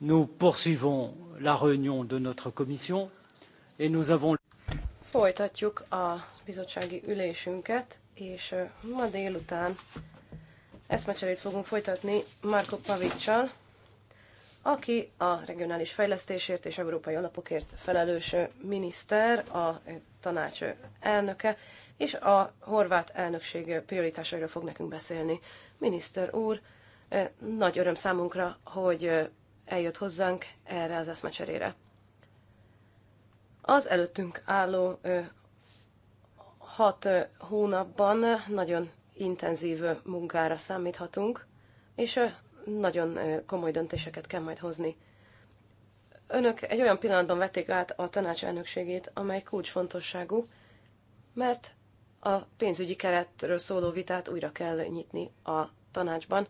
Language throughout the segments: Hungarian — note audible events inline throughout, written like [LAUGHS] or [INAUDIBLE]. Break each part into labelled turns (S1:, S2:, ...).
S1: Nous poursuivons la réunion de notre commission, et nous avons...
S2: Folytatjuk a bizottsági ülésünket, és ma délután eszmecserét fogunk folytatni Marko Pavicsal, aki a regionális fejlesztésért és európai alapokért felelős miniszter, a tanács elnöke, és a horvát elnökség prioritásairól fog nekünk beszélni. Miniszter úr, nagy öröm számunkra, hogy eljött hozzánk erre az eszmecserére. Az előttünk álló ö, hat ö, hónapban nagyon intenzív ö, munkára számíthatunk, és ö, nagyon ö, komoly döntéseket kell majd hozni. Önök egy olyan pillanatban vették át a tanács elnökségét, amely kulcsfontosságú, mert a pénzügyi keretről szóló vitát újra kell nyitni a tanácsban,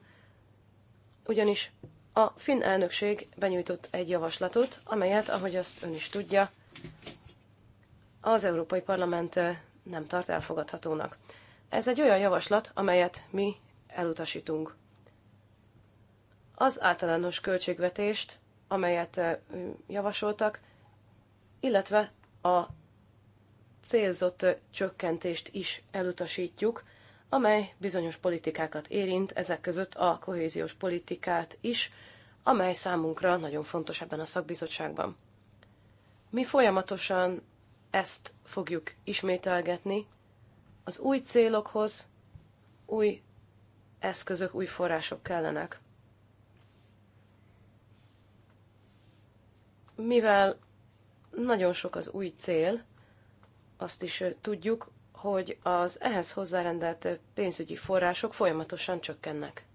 S2: ugyanis a finn elnökség benyújtott egy javaslatot, amelyet, ahogy azt ön is tudja, az Európai Parlament nem tart elfogadhatónak. Ez egy olyan javaslat, amelyet mi elutasítunk. Az általános költségvetést, amelyet javasoltak, illetve a célzott csökkentést is elutasítjuk, amely bizonyos politikákat érint, ezek között a kohéziós politikát is, amely számunkra nagyon fontos ebben a szakbizottságban. Mi folyamatosan ezt fogjuk ismételgetni, az új célokhoz új eszközök, új források kellenek. Mivel nagyon sok az új cél, azt is tudjuk, hogy az ehhez hozzárendelt pénzügyi források folyamatosan csökkennek.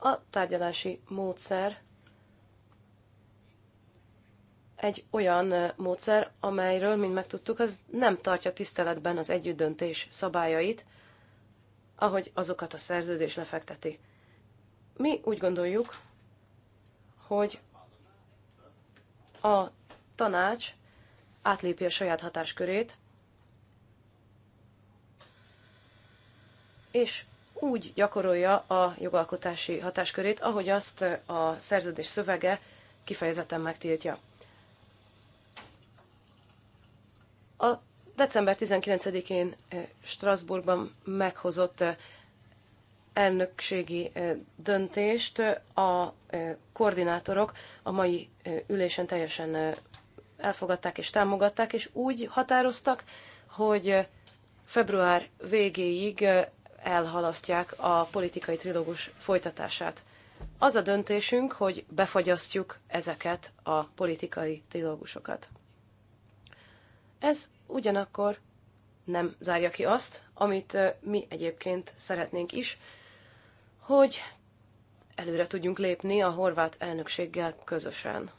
S2: A tárgyalási módszer egy olyan módszer, amelyről, mint megtudtuk, az nem tartja tiszteletben az együttdöntés szabályait, ahogy azokat a szerződés lefekteti. Mi úgy gondoljuk, hogy a tanács átlépi a saját hatáskörét, és úgy gyakorolja a jogalkotási hatáskörét, ahogy azt a szerződés szövege kifejezetten megtiltja. A december 19-én eh, Strasbourgban meghozott eh, elnökségi eh, döntést a koordinátorok a mai ülésen teljesen elfogadták és támogatták, és úgy határoztak, hogy február végéig elhalasztják a politikai trilógus folytatását. Az a döntésünk, hogy befagyasztjuk ezeket a politikai trilógusokat. Ez ugyanakkor nem zárja ki azt, amit mi egyébként szeretnénk is, hogy előre tudjunk lépni a horvát elnökséggel közösen.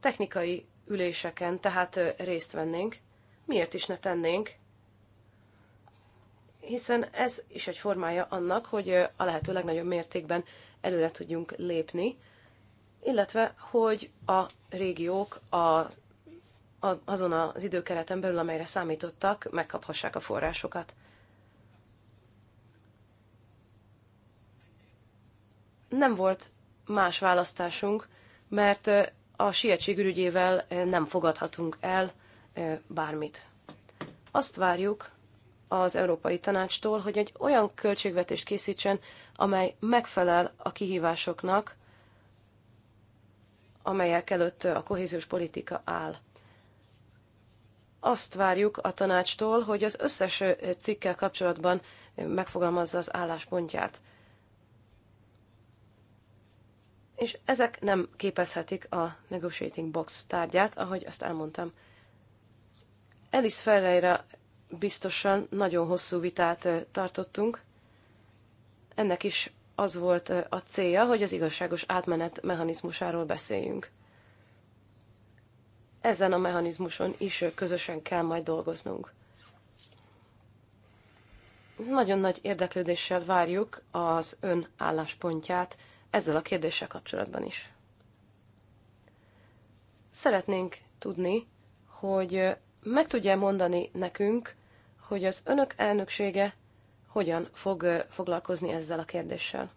S2: Technikai üléseken tehát részt vennénk, miért is ne tennénk, hiszen ez is egy formája annak, hogy a lehető legnagyobb mértékben előre tudjunk lépni, illetve hogy a régiók a, a, azon az időkereten belül, amelyre számítottak, megkaphassák a forrásokat. Nem volt más választásunk, mert a sietség ürügyével nem fogadhatunk el bármit. Azt várjuk, az Európai Tanácstól, hogy egy olyan költségvetést készítsen, amely megfelel a kihívásoknak, amelyek előtt a kohéziós politika áll. Azt várjuk a tanácstól, hogy az összes cikkel kapcsolatban megfogalmazza az álláspontját. És ezek nem képezhetik a negotiating box tárgyát, ahogy azt elmondtam. Elis Ferreira biztosan nagyon hosszú vitát tartottunk. Ennek is az volt a célja, hogy az igazságos átmenet mechanizmusáról beszéljünk. Ezen a mechanizmuson is közösen kell majd dolgoznunk. Nagyon nagy érdeklődéssel várjuk az ön álláspontját ezzel a kérdéssel kapcsolatban is. Szeretnénk tudni, hogy meg tudja mondani nekünk, hogy az önök elnöksége hogyan fog foglalkozni ezzel a kérdéssel.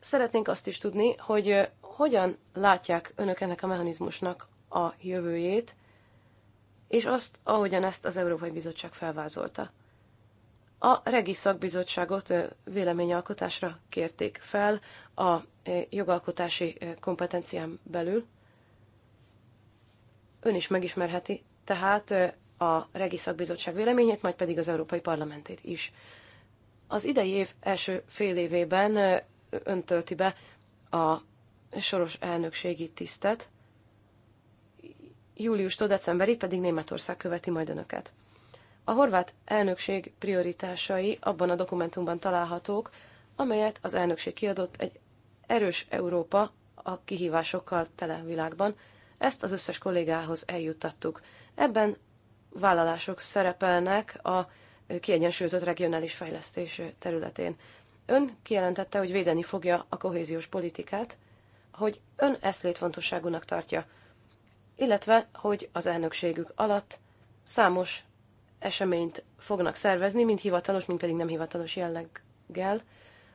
S2: Szeretnénk azt is tudni, hogy hogyan látják önök ennek a mechanizmusnak a jövőjét, és azt, ahogyan ezt az Európai Bizottság felvázolta. A Regi Szakbizottságot véleményalkotásra kérték fel a jogalkotási kompetencián belül, Ön is megismerheti tehát a Regi Szakbizottság véleményét, majd pedig az Európai Parlamentét is. Az idei év első fél évében ön tölti be a soros elnökségi tisztet, júliustól decemberig pedig Németország követi majd önöket. A horvát elnökség prioritásai abban a dokumentumban találhatók, amelyet az elnökség kiadott egy erős Európa a kihívásokkal tele világban – ezt az összes kollégához eljuttattuk. Ebben vállalások szerepelnek a kiegyensúlyozott regionális fejlesztés területén. Ön kijelentette, hogy védeni fogja a kohéziós politikát, hogy ön ezt létfontosságúnak tartja, illetve, hogy az elnökségük alatt számos eseményt fognak szervezni, mind hivatalos, mind pedig nem hivatalos jelleggel,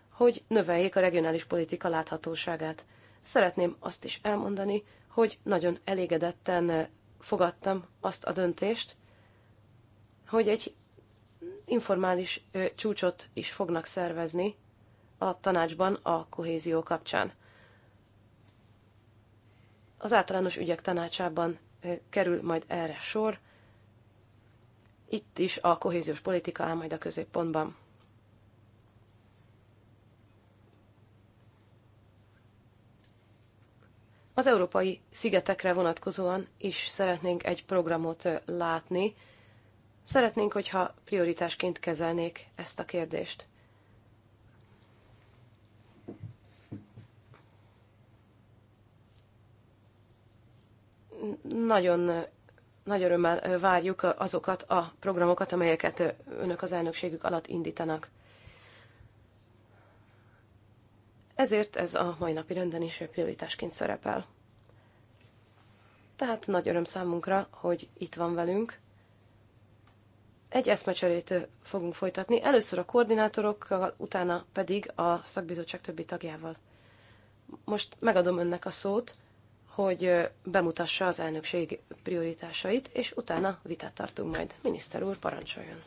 S2: hogy növeljék a regionális politika láthatóságát. Szeretném azt is elmondani, hogy nagyon elégedetten eh, fogadtam azt a döntést, hogy egy informális eh, csúcsot is fognak szervezni a tanácsban a kohézió kapcsán. Az általános ügyek tanácsában eh, kerül majd erre sor. Itt is a kohéziós politika áll majd a középpontban. Az európai szigetekre vonatkozóan is szeretnénk egy programot látni. Szeretnénk, hogyha prioritásként kezelnék ezt a kérdést. Nagyon nagy örömmel várjuk azokat a programokat, amelyeket önök az elnökségük alatt indítanak. Ezért ez a mai napi renden is prioritásként szerepel. Tehát nagy öröm számunkra, hogy itt van velünk. Egy eszmecserét fogunk folytatni, először a koordinátorokkal, utána pedig a szakbizottság többi tagjával. Most megadom önnek a szót, hogy bemutassa az elnökség prioritásait, és utána vitát tartunk majd. Miniszter úr, parancsoljon!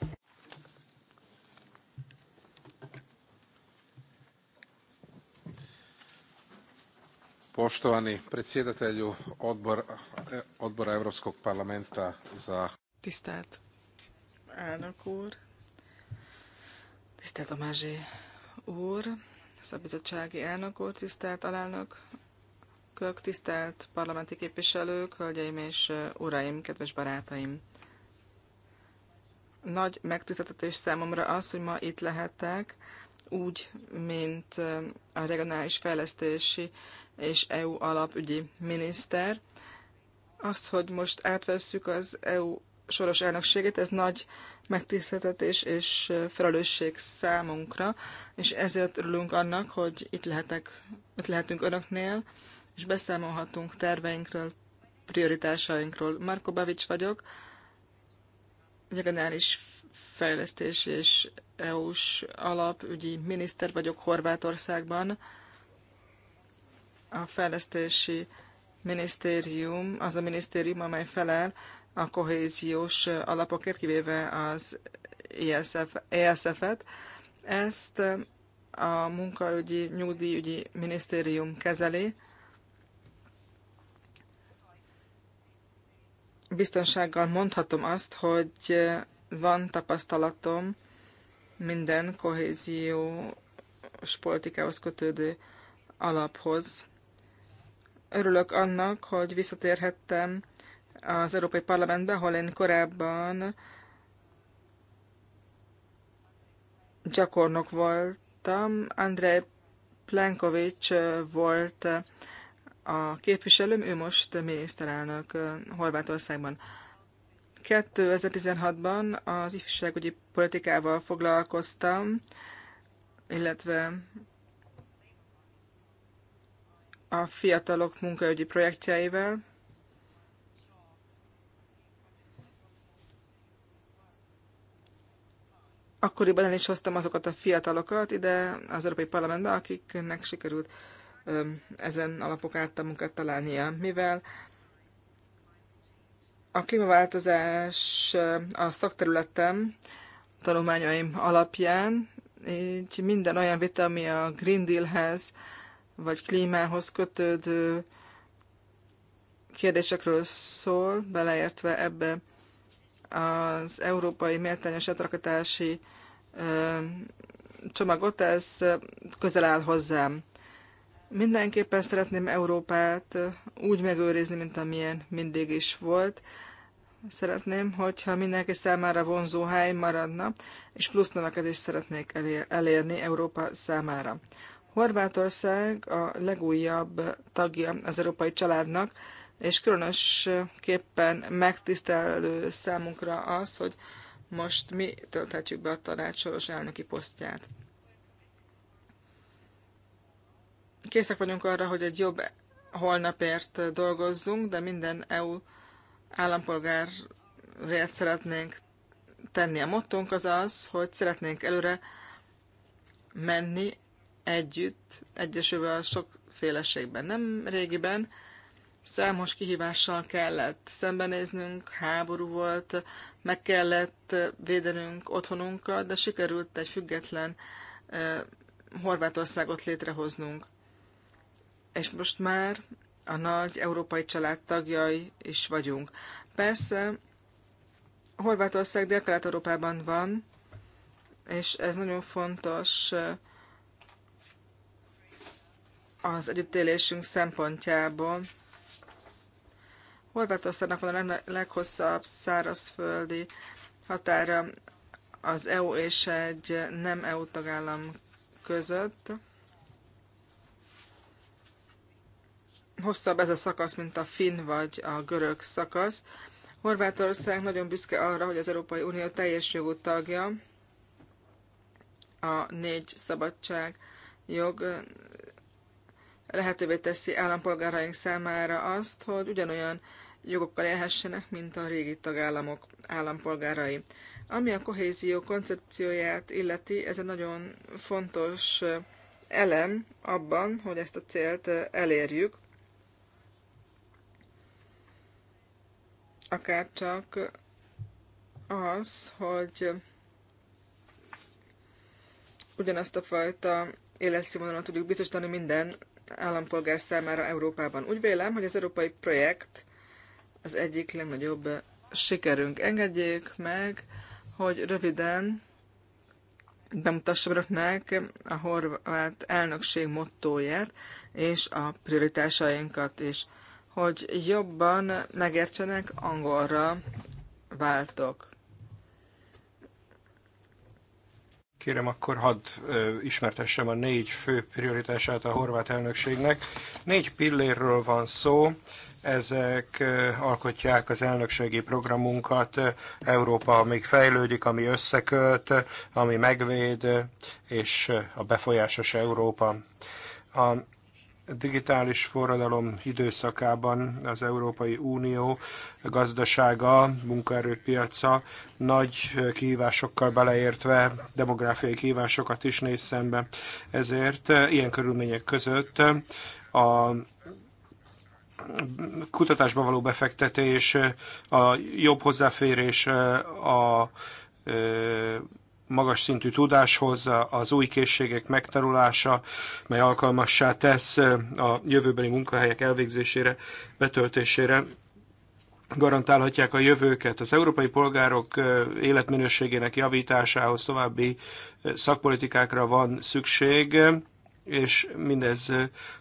S3: Poštovani predsjedatelju odbor, odbora Europskog parlamenta za...
S4: Tisztelt elnök úr, tisztelt Amázsi úr, szabizottsági elnök úr, tisztelt alelnök, kök, tisztelt parlamenti képviselők, hölgyeim és uraim, kedves barátaim! Nagy megtiszteltetés számomra az, hogy ma itt lehetek, úgy, mint a regionális fejlesztési és EU alapügyi miniszter. Az, hogy most átvesszük az EU soros elnökségét, ez nagy megtiszteltetés és felelősség számunkra, és ezért örülünk annak, hogy itt, lehetek, itt lehetünk önöknél, és beszámolhatunk terveinkről, prioritásainkról. Marko Bavics vagyok, regionális fejlesztés és EU-s alapügyi miniszter vagyok Horvátországban a fejlesztési minisztérium, az a minisztérium, amely felel a kohéziós alapokért, kivéve az ESF, et Ezt a munkaügyi, nyugdíjügyi minisztérium kezeli. Biztonsággal mondhatom azt, hogy van tapasztalatom minden kohéziós politikához kötődő alaphoz Örülök annak, hogy visszatérhettem az Európai Parlamentbe, ahol én korábban gyakornok voltam. Andrei Plenkovics volt a képviselőm, ő most miniszterelnök Horvátországban. 2016-ban az ifjúságügyi politikával foglalkoztam, illetve a fiatalok munkaügyi projektjeivel. Akkoriban el is hoztam azokat a fiatalokat ide az Európai Parlamentbe, akiknek sikerült ezen alapok által munkát találnia, mivel a klímaváltozás a szakterületem tanulmányaim alapján, így minden olyan vita, ami a Green Dealhez vagy klímához kötődő kérdésekről szól, beleértve ebbe az európai méltányos etrakatási csomagot, ez közel áll hozzám. Mindenképpen szeretném Európát úgy megőrizni, mint amilyen mindig is volt. Szeretném, hogyha mindenki számára vonzó hely maradna, és plusz növekedést szeretnék elérni Európa számára. Horvátország a legújabb tagja az európai családnak, és különösképpen megtisztelő számunkra az, hogy most mi tölthetjük be a tanács soros elnöki posztját. Készek vagyunk arra, hogy egy jobb holnapért dolgozzunk, de minden EU állampolgárért szeretnénk tenni. A mottónk az az, hogy szeretnénk előre menni együtt, egyesülve a sokféleségben. Nem régiben számos kihívással kellett szembenéznünk, háború volt, meg kellett védenünk otthonunkat, de sikerült egy független eh, Horvátországot létrehoznunk. És most már a nagy európai család tagjai is vagyunk. Persze Horvátország dél-kelet-európában van, és ez nagyon fontos eh, az együttélésünk szempontjából. Horvátországnak van a leghosszabb szárazföldi határa az EU és egy nem EU tagállam között. Hosszabb ez a szakasz, mint a finn vagy a görög szakasz. Horvátország nagyon büszke arra, hogy az Európai Unió teljes jogú tagja, a négy szabadság jog lehetővé teszi állampolgáraink számára azt, hogy ugyanolyan jogokkal élhessenek, mint a régi tagállamok állampolgárai. Ami a kohézió koncepcióját illeti, ez egy nagyon fontos elem abban, hogy ezt a célt elérjük, akár csak az, hogy ugyanazt a fajta életszínvonalat tudjuk biztosítani minden állampolgár számára Európában. Úgy vélem, hogy az európai projekt az egyik legnagyobb sikerünk. Engedjék meg, hogy röviden bemutassam önöknek a horvát elnökség mottóját és a prioritásainkat is, hogy jobban megértsenek, angolra váltok.
S3: Kérem, akkor hadd ismertessem a négy fő prioritását a horvát elnökségnek. Négy pillérről van szó, ezek alkotják az elnökségi programunkat. Európa, amíg fejlődik, ami összekölt, ami megvéd, és a befolyásos Európa. A digitális forradalom időszakában az Európai Unió gazdasága, munkaerőpiaca nagy kihívásokkal beleértve demográfiai kihívásokat is néz szembe. Ezért ilyen körülmények között a kutatásba való befektetés, a jobb hozzáférés a magas szintű tudáshoz, az új készségek megtanulása, mely alkalmassá tesz a jövőbeni munkahelyek elvégzésére, betöltésére, garantálhatják a jövőket. Az európai polgárok életminőségének javításához további szakpolitikákra van szükség, és mindez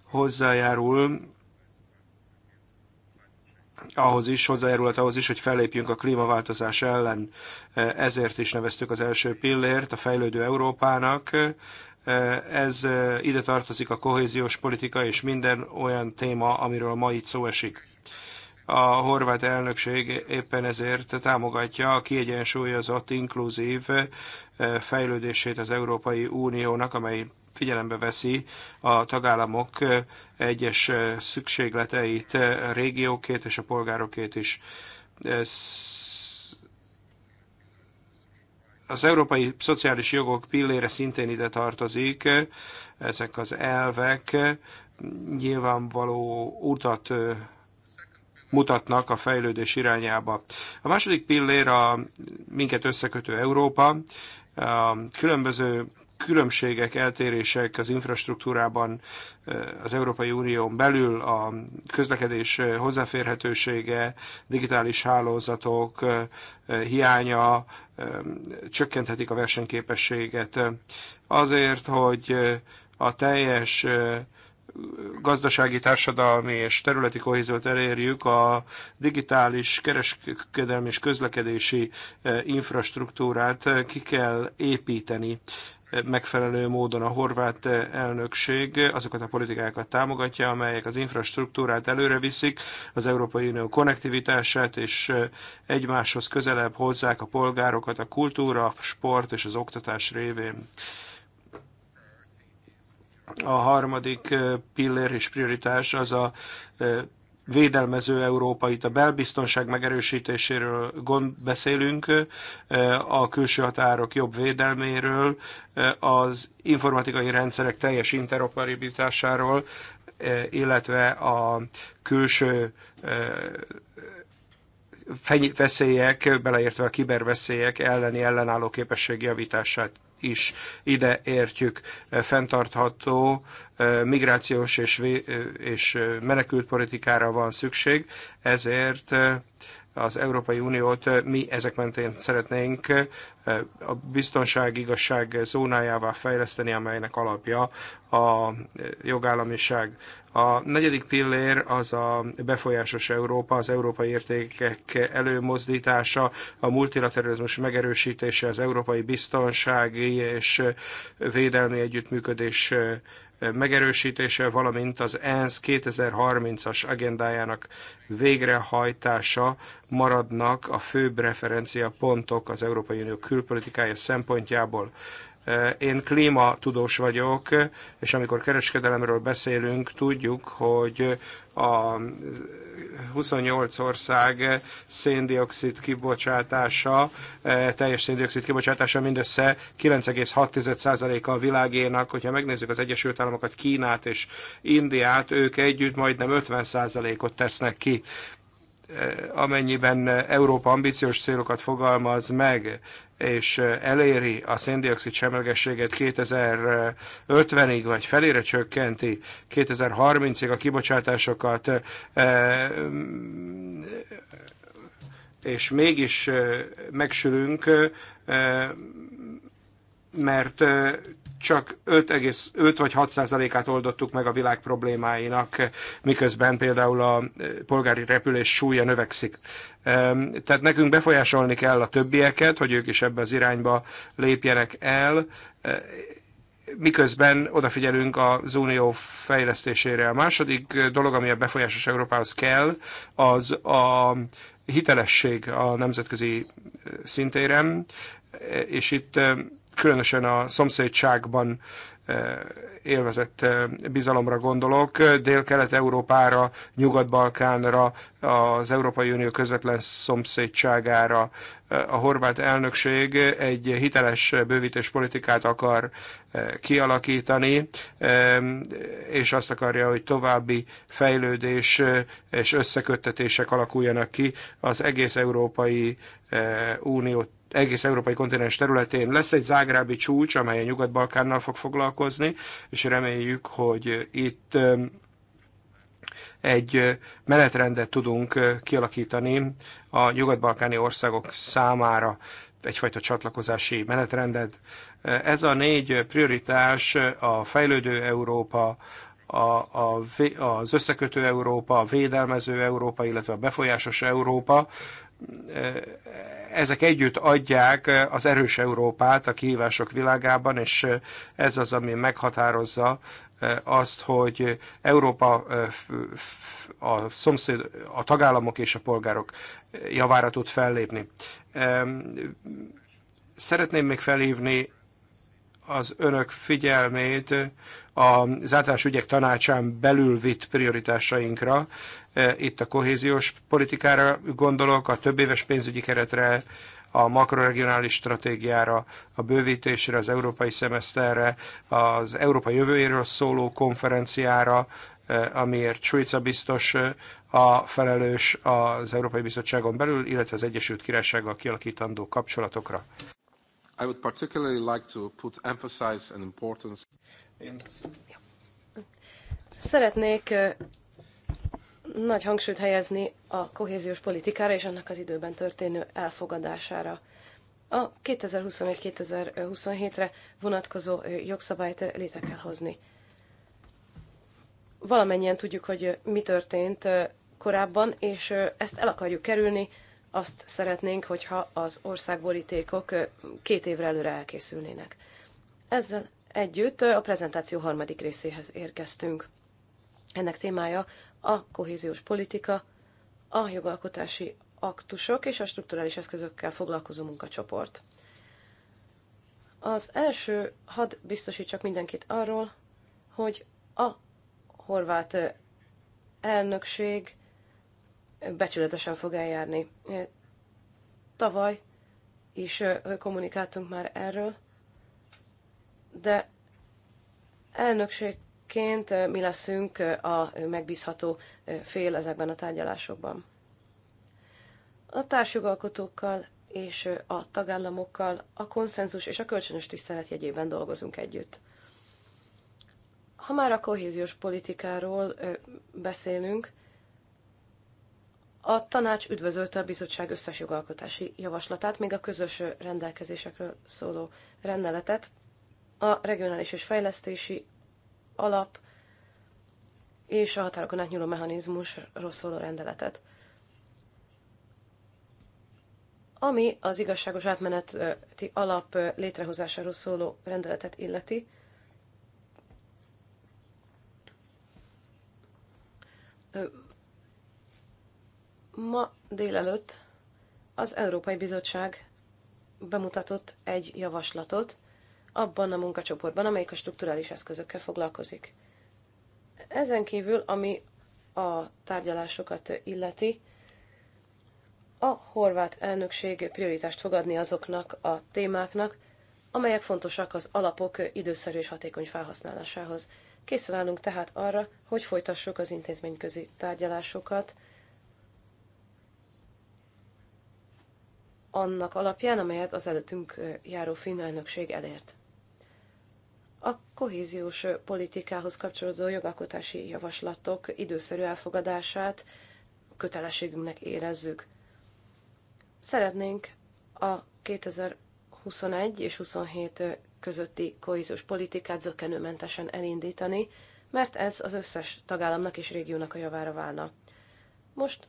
S3: hozzájárul ahhoz is, hozzájárulhat ahhoz is, hogy fellépjünk a klímaváltozás ellen. Ezért is neveztük az első pillért a fejlődő Európának. Ez eh, ide tartozik a kohéziós politika és minden olyan téma, amiről ma itt szó esik. A horvát elnökség éppen ezért támogatja a kiegyensúlyozott, inkluzív eh, fejlődését az Európai Uniónak, amely figyelembe veszi a tagállamok egyes szükségleteit, a régiókét és a polgárokét is. Az európai szociális jogok pillére szintén ide tartozik, ezek az elvek nyilvánvaló utat mutatnak a fejlődés irányába. A második pillér a minket összekötő Európa, a különböző különbségek, eltérések az infrastruktúrában eh, az Európai Unión belül, a közlekedés eh, hozzáférhetősége, digitális hálózatok eh, hiánya csökkenthetik a versenyképességet. Azért, hogy a teljes gazdasági, társadalmi és területi kohéziót elérjük, a digitális kereskedelmi és közlekedési infrastruktúrát ki kell építeni megfelelő módon a horvát eh, elnökség azokat a politikákat támogatja, amelyek az infrastruktúrát előre viszik, az Európai Unió konnektivitását, és eh, egymáshoz közelebb hozzák a polgárokat a kultúra, a sport és az oktatás révén. A harmadik eh, pillér és prioritás az a védelmező Európait, a belbiztonság megerősítéséről gond, beszélünk, a külső határok jobb védelméről, az informatikai rendszerek teljes interoperabilitásáról, illetve a külső veszélyek, beleértve a kiberveszélyek elleni ellenálló képesség javítását is ide értjük e, fenntartható e, migrációs és, e, és menekültpolitikára van szükség, ezért az Európai Uniót mi ezek mentén szeretnénk a biztonság, igazság zónájává fejleszteni, amelynek alapja a jogállamiság. A negyedik pillér az a befolyásos Európa, az európai értékek előmozdítása, a multilateralizmus megerősítése, az európai biztonsági és védelmi együttműködés megerősítése, valamint az ENSZ 2030-as agendájának végrehajtása maradnak a főbb referencia pontok az Európai Unió külpolitikája szempontjából. Én klímatudós vagyok, és amikor kereskedelemről beszélünk, tudjuk, hogy a 28 ország eh, széndiokszid kibocsátása, eh, teljes széndiokszid kibocsátása mindössze 9,6%-a a világénak. Hogyha megnézzük az Egyesült Államokat, Kínát és Indiát, ők együtt majdnem 50%-ot tesznek ki. Eh, amennyiben Európa ambíciós célokat fogalmaz meg, és eh, eléri a széndiokszid semlegességet 2050-ig, vagy felére csökkenti 2030-ig a kibocsátásokat, eh, mm, és mégis megsülünk, mert csak 5 vagy 6 százalékát oldottuk meg a világ problémáinak, miközben például a eh, polgári repülés súlya növekszik. Tehát nekünk befolyásolni kell a többieket, hogy ők is ebbe az irányba lépjenek el, eh, miközben odafigyelünk az unió fejlesztésére. A második dolog, ami a befolyásos Európához kell, az a hitelesség a nemzetközi eh, szintéren, és itt különösen a szomszédságban eh, élvezett eh, bizalomra gondolok. Dél-Kelet-Európára, Nyugat-Balkánra, az Európai Unió közvetlen szomszédságára eh, a horvát elnökség egy hiteles bővítés politikát akar kialakítani, és azt akarja, hogy további fejlődés és összeköttetések alakuljanak ki az egész Európai Unió egész európai kontinens területén. Lesz egy zágrábi csúcs, amely a Nyugat-Balkánnal fog foglalkozni, és reméljük, hogy itt egy menetrendet tudunk kialakítani a nyugat-balkáni országok számára, egyfajta csatlakozási menetrendet. Ez a négy prioritás a fejlődő Európa, a, a, az összekötő Európa, a védelmező Európa, illetve a befolyásos Európa ezek együtt adják az erős Európát a kihívások világában, és ez az, ami meghatározza azt, hogy Európa a szomszéd, a tagállamok és a polgárok javára tud fellépni. Szeretném még felhívni az önök figyelmét az általános ügyek tanácsán belül vitt prioritásainkra. E, itt a kohéziós politikára gondolok, a többéves pénzügyi keretre, a makroregionális stratégiára, a bővítésre, az európai szemeszterre, az Európa jövőjéről szóló konferenciára, e, amiért Suica biztos e, a felelős az Európai Bizottságon belül, illetve az Egyesült Királysággal kialakítandó kapcsolatokra. I would particularly like to put emphasis and importance.
S2: Szeretnék nagy hangsúlyt helyezni a kohéziós politikára és annak az időben történő elfogadására. A 2021-2027-re vonatkozó jogszabályt létre kell hozni. Valamennyien tudjuk, hogy mi történt korábban, és ezt el akarjuk kerülni, azt szeretnénk, hogyha az országborítékok két évre előre elkészülnének. Ezzel együtt a prezentáció harmadik részéhez érkeztünk. Ennek témája a kohéziós politika, a jogalkotási aktusok és a strukturális eszközökkel foglalkozó munkacsoport. Az első, had biztosítsak mindenkit arról, hogy a horvát elnökség becsületesen fog eljárni. Tavaly is kommunikáltunk már erről, de elnökségként mi leszünk a megbízható fél ezekben a tárgyalásokban. A társjogalkotókkal és a tagállamokkal a konszenzus és a kölcsönös tisztelet jegyében dolgozunk együtt. Ha már a kohéziós politikáról beszélünk, a tanács üdvözölte a bizottság összes jogalkotási javaslatát, még a közös rendelkezésekről szóló rendeletet, a regionális és fejlesztési alap és a határokon átnyúló mechanizmusról szóló rendeletet. Ami az igazságos átmeneti alap létrehozásáról szóló rendeletet illeti, Ma délelőtt az Európai Bizottság bemutatott egy javaslatot abban a munkacsoportban, amelyik a strukturális eszközökkel foglalkozik. Ezen kívül, ami a tárgyalásokat illeti, a horvát elnökség prioritást fogadni azoknak a témáknak, amelyek fontosak az alapok időszerű és hatékony felhasználásához. Készen állunk tehát arra, hogy folytassuk az intézményközi tárgyalásokat annak alapján, amelyet az előttünk járó finn elnökség elért. A kohéziós politikához kapcsolódó jogalkotási javaslatok időszerű elfogadását kötelességünknek érezzük. Szeretnénk a 2021 és 27 közötti kohéziós politikát zökenőmentesen elindítani, mert ez az összes tagállamnak és régiónak a javára válna. Most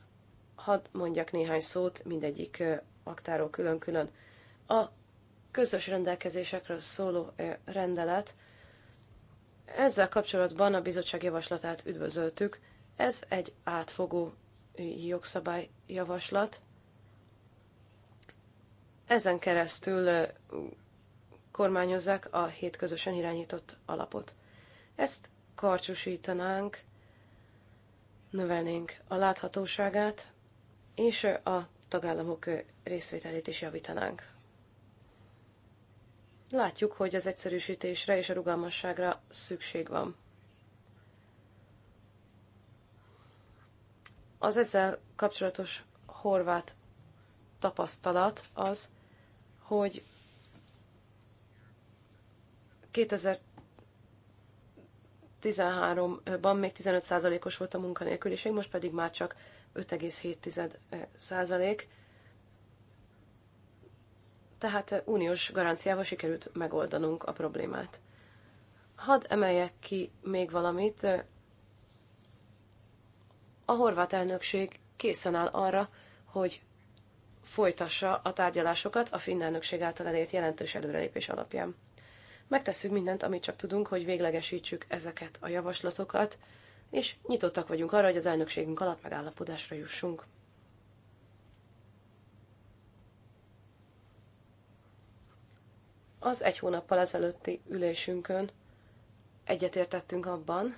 S2: hadd mondjak néhány szót mindegyik aktáról külön-külön. A közös rendelkezésekről szóló rendelet ezzel kapcsolatban a bizottság javaslatát üdvözöltük. Ez egy átfogó jogszabály javaslat. Ezen keresztül kormányozzák a hét közösen irányított alapot. Ezt karcsúsítanánk, növelnénk a láthatóságát, és a tagállamok részvételét is javítanánk. Látjuk, hogy az egyszerűsítésre és a rugalmasságra szükség van. Az ezzel kapcsolatos horvát tapasztalat az, hogy 2013-ban még 15%-os volt a munkanélküliség, most pedig már csak 5,7 eh, százalék. Tehát eh, uniós garanciával sikerült megoldanunk a problémát. Hadd emeljek ki még valamit. Eh, a horvát elnökség készen áll arra, hogy folytassa a tárgyalásokat a finn elnökség által elért jelentős előrelépés alapján. Megtesszük mindent, amit csak tudunk, hogy véglegesítsük ezeket a javaslatokat, és nyitottak vagyunk arra, hogy az elnökségünk alatt megállapodásra jussunk. Az egy hónappal ezelőtti ülésünkön egyetértettünk abban,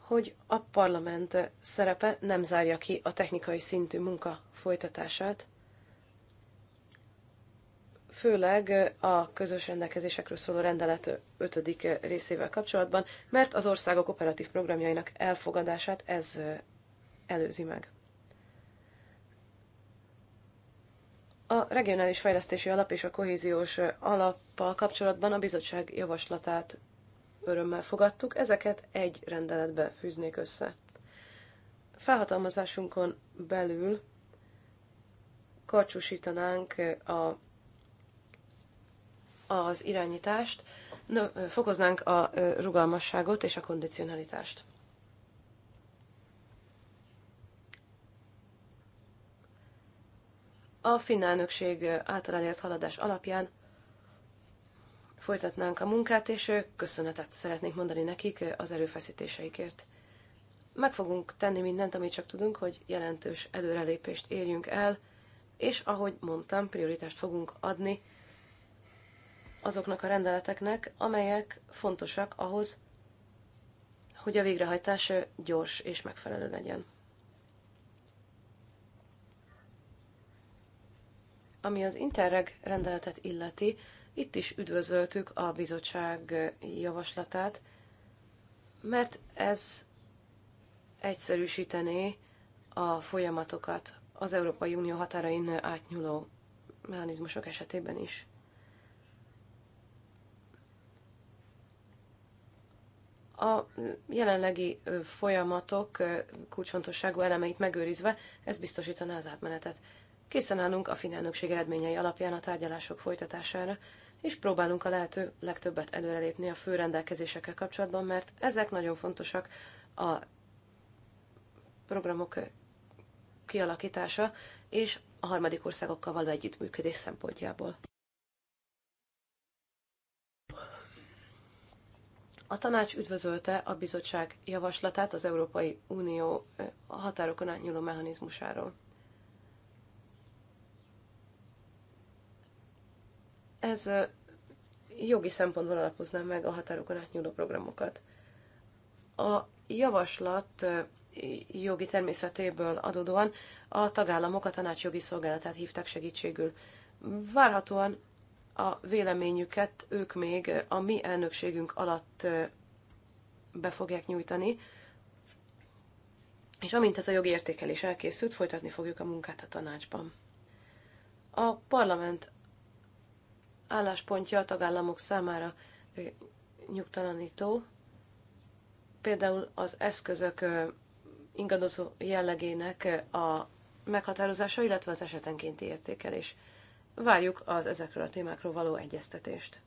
S2: hogy a parlament szerepe nem zárja ki a technikai szintű munka folytatását, főleg a közös rendelkezésekről szóló rendelet 5. részével kapcsolatban, mert az országok operatív programjainak elfogadását ez előzi meg. A regionális fejlesztési alap és a kohéziós alappal kapcsolatban a bizottság javaslatát örömmel fogadtuk, ezeket egy rendeletbe fűznék össze. Felhatalmazásunkon belül karcsúsítanánk a az irányítást, fokoznánk a rugalmasságot és a kondicionalitást. A finn elnökség által elért haladás alapján folytatnánk a munkát, és köszönetet szeretnék mondani nekik az erőfeszítéseikért. Meg fogunk tenni mindent, amit csak tudunk, hogy jelentős előrelépést érjünk el, és ahogy mondtam, prioritást fogunk adni azoknak a rendeleteknek, amelyek fontosak ahhoz, hogy a végrehajtás gyors és megfelelő legyen. Ami az Interreg rendeletet illeti, itt is üdvözöltük a bizottság javaslatát, mert ez egyszerűsítené a folyamatokat az Európai Unió határain átnyúló mechanizmusok esetében is. a jelenlegi folyamatok kulcsfontosságú elemeit megőrizve ez biztosítaná az átmenetet. Készen állunk a finálnökség eredményei alapján a tárgyalások folytatására, és próbálunk a lehető legtöbbet előrelépni a fő rendelkezésekkel kapcsolatban, mert ezek nagyon fontosak a programok kialakítása és a harmadik országokkal való együttműködés szempontjából. A tanács üdvözölte a bizottság javaslatát az Európai Unió határokon átnyúló mechanizmusáról. Ez jogi szempontból alapozná meg a határokon átnyúló programokat. A javaslat jogi természetéből adódóan a tagállamok a tanács jogi szolgálatát hívták segítségül. Várhatóan a véleményüket ők még a mi elnökségünk alatt be fogják nyújtani, és amint ez a jogi értékelés elkészült, folytatni fogjuk a munkát a tanácsban. A parlament álláspontja a tagállamok számára nyugtalanító, például az eszközök ingadozó jellegének a meghatározása, illetve az esetenkénti értékelés várjuk az ezekről a témákról való egyeztetést.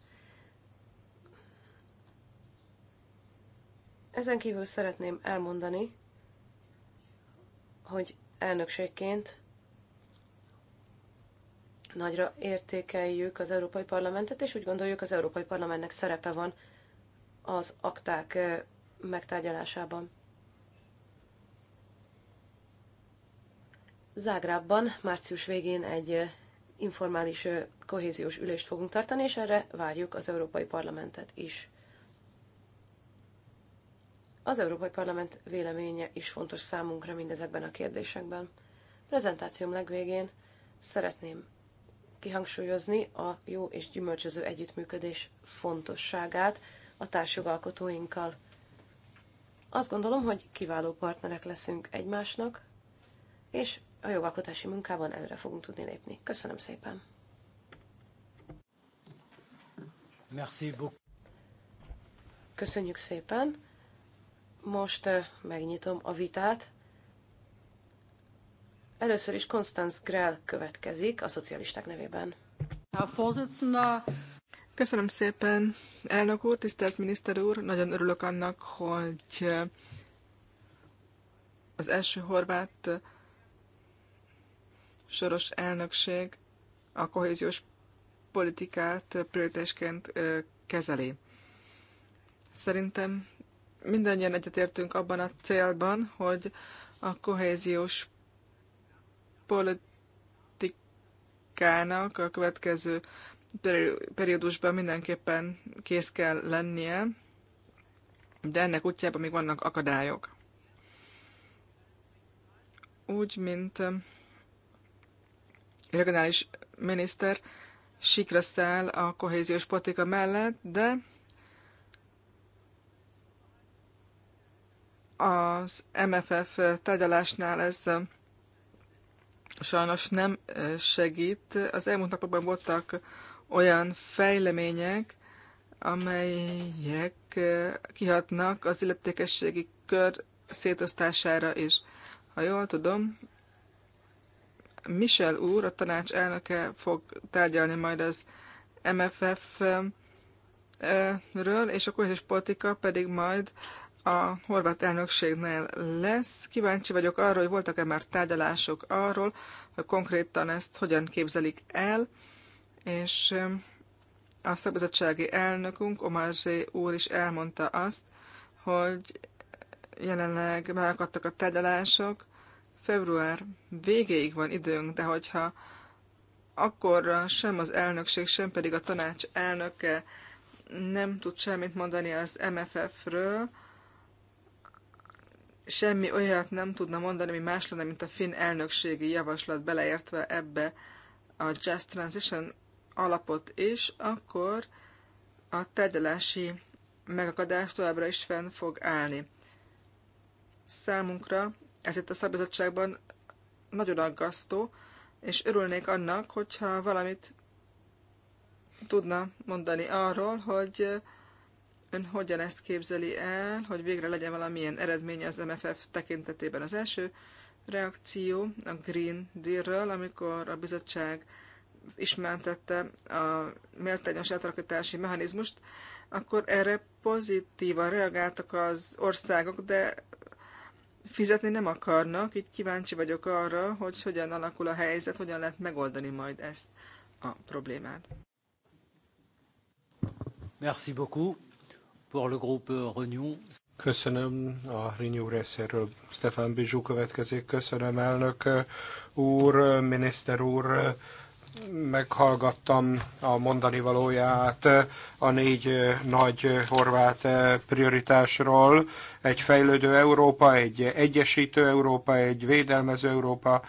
S2: Ezen kívül szeretném elmondani, hogy elnökségként nagyra értékeljük az Európai Parlamentet, és úgy gondoljuk, az Európai Parlamentnek szerepe van az akták megtárgyalásában. Zágrábban március végén egy informális kohéziós ülést fogunk tartani, és erre várjuk az Európai Parlamentet is. Az Európai Parlament véleménye is fontos számunkra mindezekben a kérdésekben. Prezentációm legvégén szeretném kihangsúlyozni a jó és gyümölcsöző együttműködés fontosságát a társjogalkotóinkkal. Azt gondolom, hogy kiváló partnerek leszünk egymásnak, és a jogalkotási munkában előre fogunk tudni lépni. Köszönöm szépen!
S1: Merci beaucoup.
S2: Köszönjük szépen! Most megnyitom a vitát. Először is Konstanz Grell következik a szocialisták nevében.
S4: Köszönöm szépen, elnök úr, tisztelt miniszter úr. Nagyon örülök annak, hogy az első horvát soros elnökség a kohéziós politikát prioritásként kezeli. Szerintem mindannyian egyetértünk abban a célban, hogy a kohéziós politikának a következő periódusban mindenképpen kész kell lennie, de ennek útjában még vannak akadályok. Úgy, mint regionális miniszter sikra száll a kohéziós politika mellett, de az MFF tárgyalásnál ez sajnos nem segít. Az elmúlt napokban voltak olyan fejlemények, amelyek kihatnak az illetékességi kör szétosztására is. Ha jól tudom, Michel úr, a tanács elnöke fog tárgyalni majd az MFF-ről, eh, és a kohéziós politika pedig majd a horvát elnökségnél lesz. Kíváncsi vagyok arról, hogy voltak-e már tárgyalások arról, hogy konkrétan ezt hogyan képzelik el, és eh, a szakbizottsági elnökünk, Omarzsé úr is elmondta azt, hogy jelenleg megakadtak a tárgyalások, február végéig van időnk, de hogyha akkor sem az elnökség, sem pedig a tanács elnöke nem tud semmit mondani az MFF-ről, semmi olyat nem tudna mondani, ami más lenne, mint a finn elnökségi javaslat beleértve ebbe a Just Transition alapot is, akkor a tegyelási megakadás továbbra is fenn fog állni. Számunkra ez itt a szabizottságban nagyon aggasztó, és örülnék annak, hogyha valamit tudna mondani arról, hogy ön hogyan ezt képzeli el, hogy végre legyen valamilyen eredménye az MFF tekintetében. Az első reakció a Green Deal-ről, amikor a bizottság ismertette a méltányos átalakítási mechanizmust, akkor erre pozitívan reagáltak az országok, de fizetni nem akarnak, így kíváncsi vagyok arra, hogy hogyan alakul a helyzet, hogyan lehet megoldani majd ezt a problémát.
S1: Merci beaucoup pour le groupe euh, Renew.
S3: Köszönöm a Renew részéről. Stefan Bizsú következik. Köszönöm elnök euh, úr, euh, miniszter úr meghallgattam a mondani valóját a négy nagy horvát prioritásról. Egy fejlődő Európa, egy egyesítő Európa, egy védelmező Európa,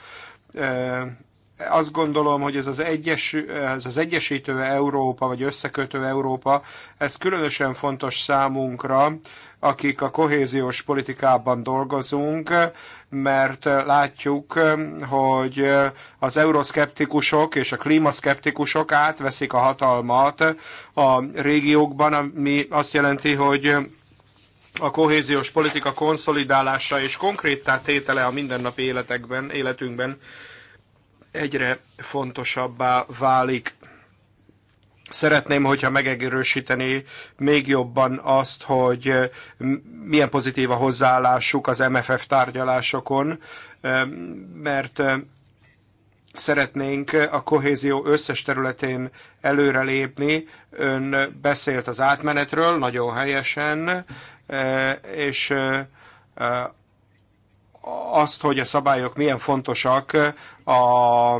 S3: azt gondolom, hogy ez az, egyes, ez az egyesítő Európa, vagy összekötő Európa, ez különösen fontos számunkra, akik a kohéziós politikában dolgozunk, mert látjuk, hogy az euroszkeptikusok és a klímaszkeptikusok átveszik a hatalmat a régiókban, ami azt jelenti, hogy a kohéziós politika konszolidálása és konkrét tétele a mindennapi életekben, életünkben egyre fontosabbá válik. Szeretném, hogyha megerősíteni még jobban azt, hogy eh, milyen pozitív a hozzáállásuk az MFF tárgyalásokon, eh, mert eh, szeretnénk a kohézió összes területén előrelépni. Ön beszélt az átmenetről nagyon helyesen, és azt, hogy a szabályok milyen fontosak a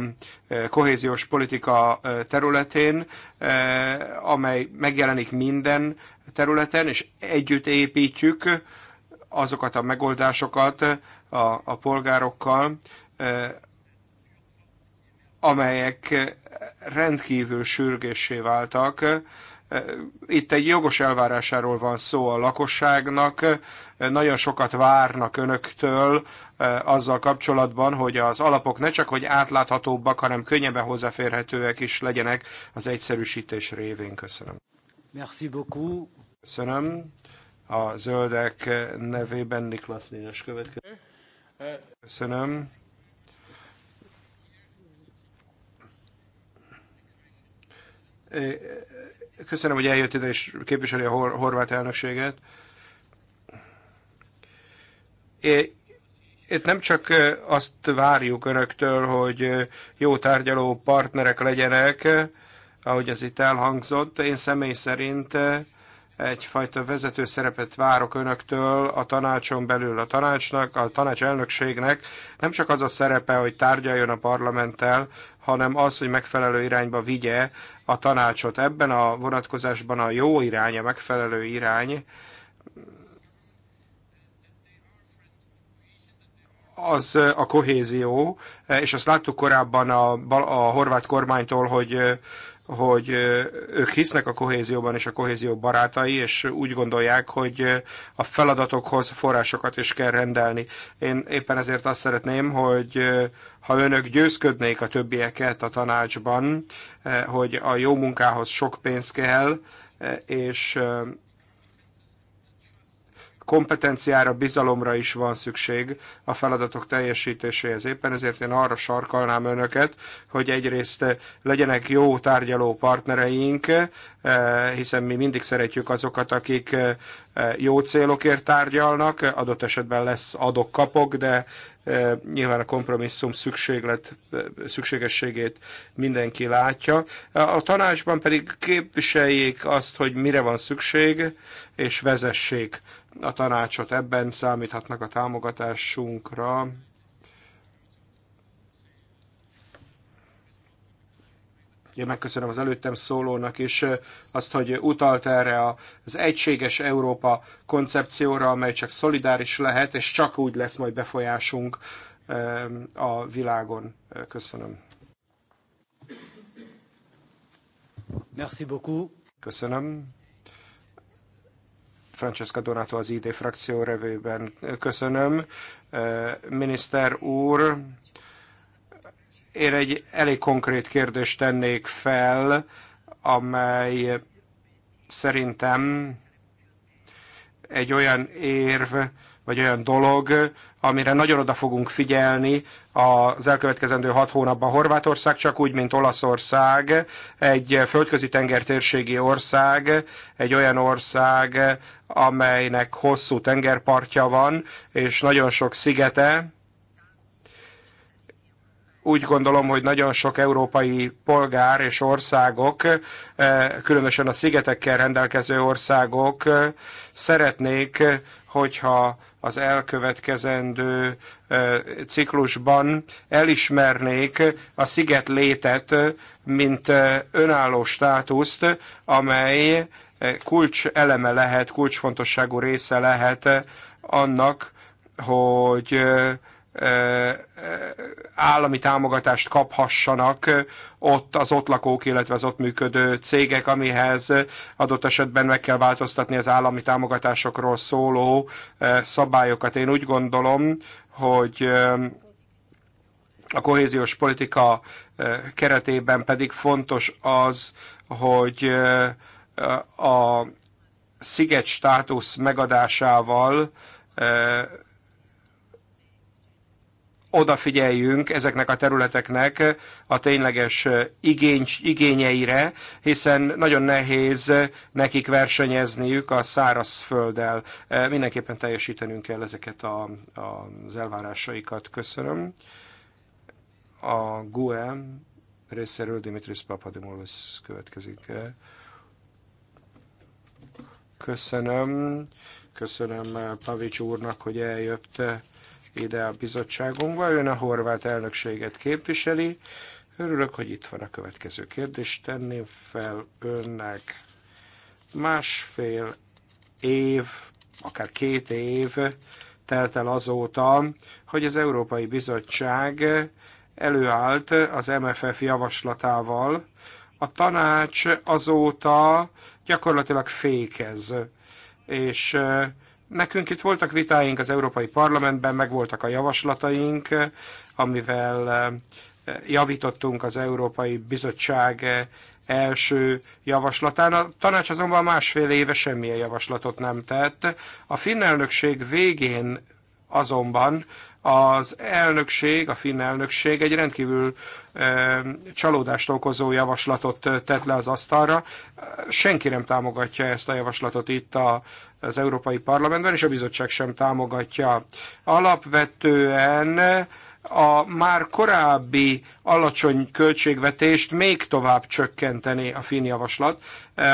S3: e, kohéziós politika e, területén, e, amely megjelenik minden területen, és együtt építjük azokat a megoldásokat a, a polgárokkal, amelyek rendkívül sürgéssé váltak itt egy jogos elvárásáról van szó a lakosságnak. Nagyon sokat várnak önöktől eh, azzal kapcsolatban, hogy az alapok ne csak hogy átláthatóbbak, hanem könnyebben hozzáférhetőek is legyenek az egyszerűsítés révén. Köszönöm.
S1: Merci beaucoup.
S3: Köszönöm. A zöldek nevében Niklas Nénes következő. Köszönöm. Köszönöm, hogy eljött ide és képviseli a hor- horvát elnökséget. É, itt nem csak azt várjuk önöktől, hogy jó tárgyaló partnerek legyenek, ahogy ez itt elhangzott. Én személy szerint egyfajta vezető szerepet várok önöktől a tanácson belül, a tanácsnak, a tanács elnökségnek. Nem csak az a szerepe, hogy tárgyaljon a parlamenttel, hanem az, hogy megfelelő irányba vigye a tanácsot. Ebben a vonatkozásban a jó irány, a megfelelő irány az a kohézió, és azt láttuk korábban a, a horvát kormánytól, hogy hogy ők hisznek a kohézióban és a kohézió barátai, és úgy gondolják, hogy a feladatokhoz forrásokat is kell rendelni. Én éppen ezért azt szeretném, hogy ha önök győzködnék a többieket a tanácsban, hogy a jó munkához sok pénz kell, és kompetenciára, bizalomra is van szükség a feladatok teljesítéséhez. Éppen ezért én arra sarkalnám önöket, hogy egyrészt legyenek jó tárgyaló partnereink, eh, hiszen mi mindig szeretjük azokat, akik eh, E, jó célokért tárgyalnak, adott esetben lesz adok-kapok, de e, nyilván a kompromisszum szükséglet, e, szükségességét mindenki látja. A tanácsban pedig képviseljék azt, hogy mire van szükség, és vezessék a tanácsot. Ebben számíthatnak a támogatásunkra. Én megköszönöm az előttem szólónak is azt, hogy utalt erre az egységes Európa koncepcióra, amely csak szolidáris lehet, és csak úgy lesz majd befolyásunk a világon. Köszönöm. Merci beaucoup. Köszönöm. Francesca Donato az ID frakció revőben. Köszönöm. Miniszter úr, én egy elég konkrét kérdést tennék fel, amely szerintem egy olyan érv, vagy olyan dolog, amire nagyon oda fogunk figyelni az elkövetkezendő hat hónapban. Horvátország csak úgy, mint Olaszország, egy földközi tenger térségi ország, egy olyan ország, amelynek hosszú tengerpartja van, és nagyon sok szigete, úgy gondolom, hogy nagyon sok európai polgár és országok, eh, különösen a szigetekkel rendelkező országok eh, szeretnék, hogyha az elkövetkezendő eh, ciklusban elismernék a sziget létet, mint önálló státuszt, amely kulcs eleme lehet, kulcsfontosságú része lehet annak, hogy állami támogatást kaphassanak ott az ott lakók, illetve az ott működő cégek, amihez adott esetben meg kell változtatni az állami támogatásokról szóló szabályokat. Én úgy gondolom, hogy a kohéziós politika keretében pedig fontos az, hogy a sziget státusz megadásával odafigyeljünk ezeknek a területeknek a tényleges igény, igényeire, hiszen nagyon nehéz nekik versenyezniük a szárazfölddel. E, mindenképpen teljesítenünk kell ezeket a, a, az elvárásaikat. Köszönöm. A GUE részéről Dimitris Papadimoulos következik. E, köszönöm. Köszönöm Pavics úrnak, hogy eljött ide a bizottságunkba. Ön a horvát elnökséget képviseli. Örülök, hogy itt van a következő kérdés. Tenném fel önnek másfél év, akár két év telt el azóta, hogy az Európai Bizottság előállt az MFF javaslatával. A tanács azóta gyakorlatilag fékez, és Nekünk itt voltak vitáink az Európai Parlamentben, meg voltak a javaslataink, amivel eh, javítottunk az Európai Bizottság eh, első javaslatán. A tanács azonban másfél éve semmilyen javaslatot nem tett. A finn elnökség végén azonban az elnökség, a finn elnökség egy rendkívül ö, eh, csalódást okozó javaslatot tett le az asztalra. Senki nem támogatja ezt a javaslatot itt a az Európai Parlamentben, és a bizottság sem támogatja. Alapvetően a már korábbi alacsony költségvetést még tovább csökkenteni a finn javaslat.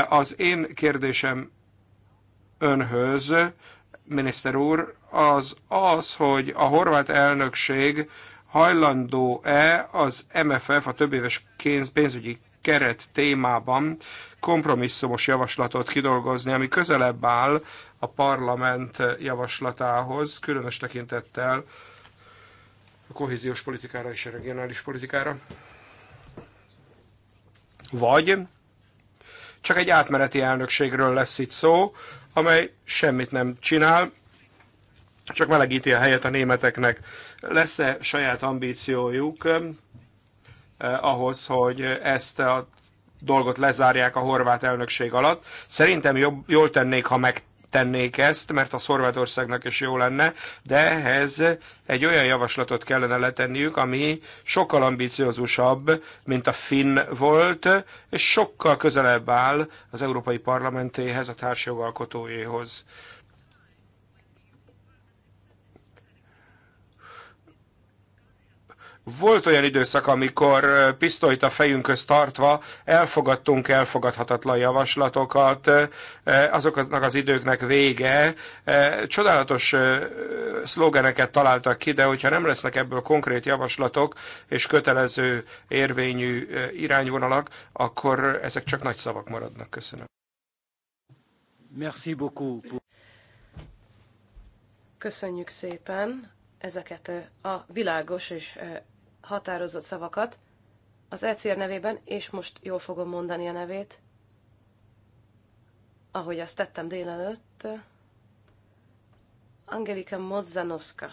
S3: Az én kérdésem önhöz, miniszter úr, az az, hogy a horvát elnökség hajlandó-e az MFF, a többéves pénzügyi keret témában kompromisszumos javaslatot kidolgozni, ami közelebb áll a parlament javaslatához, különös tekintettel a kohéziós politikára és a regionális politikára. Vagy csak egy átmeneti elnökségről lesz itt szó, amely semmit nem csinál, csak melegíti a helyet a németeknek. Lesz-e saját ambíciójuk Eh, ahhoz, hogy ezt a dolgot lezárják a horvát elnökség alatt. Szerintem jobb, jól tennék, ha meg tennék ezt, mert a Horvátországnak is jó lenne, de ehhez egy olyan javaslatot kellene letenniük, ami sokkal ambiciózusabb, mint a finn volt, és sokkal közelebb áll az Európai Parlamentéhez, a társjogalkotójéhoz. Volt olyan időszak, amikor pisztolyt a közt tartva elfogadtunk elfogadhatatlan javaslatokat, azoknak az időknek vége. Csodálatos szlogeneket találtak ki, de hogyha nem lesznek ebből konkrét javaslatok és kötelező érvényű irányvonalak, akkor ezek csak nagy szavak maradnak.
S1: Köszönöm. Merci beaucoup.
S2: Köszönjük szépen ezeket a világos és határozott szavakat az ECR nevében, és most jól fogom mondani a nevét, ahogy azt tettem délelőtt, Angelika Mozzanoska.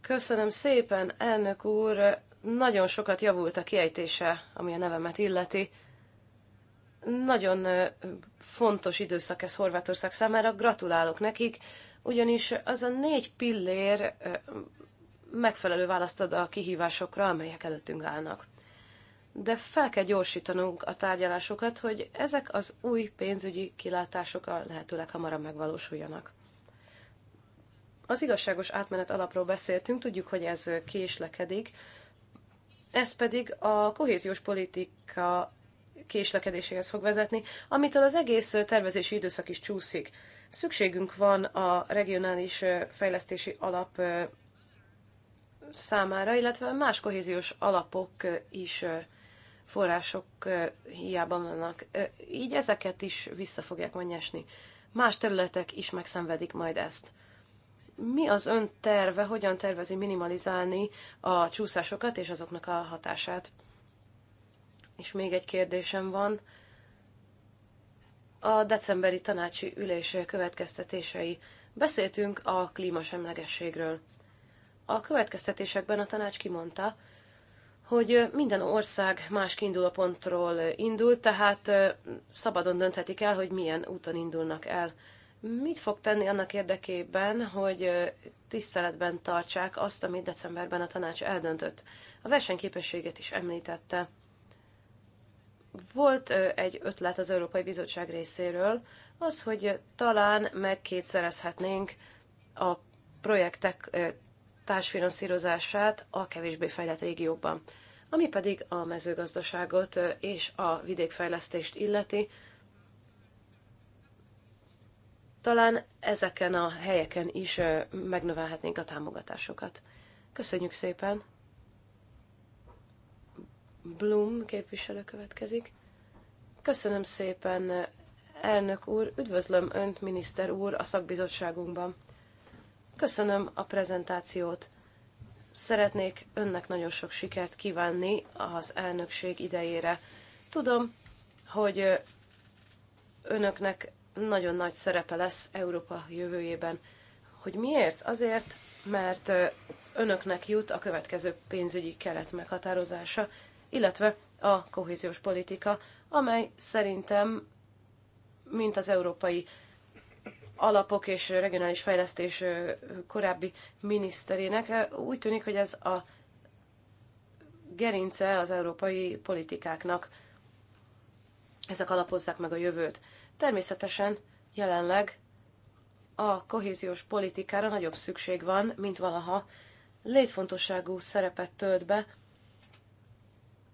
S2: Köszönöm szépen, elnök úr. Nagyon sokat javult a kiejtése, ami a nevemet illeti. Nagyon fontos időszak ez Horvátország számára. Gratulálok nekik ugyanis az a négy pillér megfelelő választ ad a kihívásokra, amelyek előttünk állnak. De fel kell gyorsítanunk a tárgyalásokat, hogy ezek az új pénzügyi kilátások a lehetőleg hamarabb megvalósuljanak. Az igazságos átmenet alapról beszéltünk, tudjuk, hogy ez késlekedik, ez pedig a kohéziós politika késlekedéséhez fog vezetni, amitől az egész tervezési időszak is csúszik. Szükségünk van a regionális fejlesztési alap számára, illetve más kohéziós alapok is források hiában vannak. Így ezeket is vissza fogják mennyesni. Más területek is megszenvedik majd ezt. Mi az ön terve, hogyan tervezi minimalizálni a csúszásokat és azoknak a hatását? És még egy kérdésem van a decemberi tanácsi ülés következtetései. Beszéltünk a klímasemlegességről. A következtetésekben a tanács kimondta, hogy minden ország más kiindulópontról indul, tehát szabadon dönthetik el, hogy milyen úton indulnak el. Mit fog tenni annak érdekében, hogy tiszteletben tartsák azt, amit decemberben a tanács eldöntött? A versenyképességet is említette. Volt egy ötlet az Európai Bizottság részéről, az, hogy talán megkétszerezhetnénk a projektek társfinanszírozását a kevésbé fejlett régiókban. Ami pedig a mezőgazdaságot és a vidékfejlesztést illeti, talán ezeken a helyeken is megnövelhetnénk a támogatásokat. Köszönjük szépen! Blum képviselő következik. Köszönöm szépen, elnök úr, üdvözlöm Önt, miniszter úr, a szakbizottságunkban. Köszönöm a prezentációt. Szeretnék Önnek nagyon sok sikert kívánni az elnökség idejére. Tudom, hogy Önöknek nagyon nagy szerepe lesz Európa jövőjében. Hogy miért? Azért, mert önöknek jut a következő pénzügyi keret meghatározása, illetve a kohéziós politika, amely szerintem, mint az európai alapok és regionális fejlesztés korábbi miniszterének, úgy tűnik, hogy ez a gerince az európai politikáknak. Ezek alapozzák meg a jövőt. Természetesen jelenleg a kohéziós politikára nagyobb szükség van, mint valaha. Létfontosságú szerepet tölt be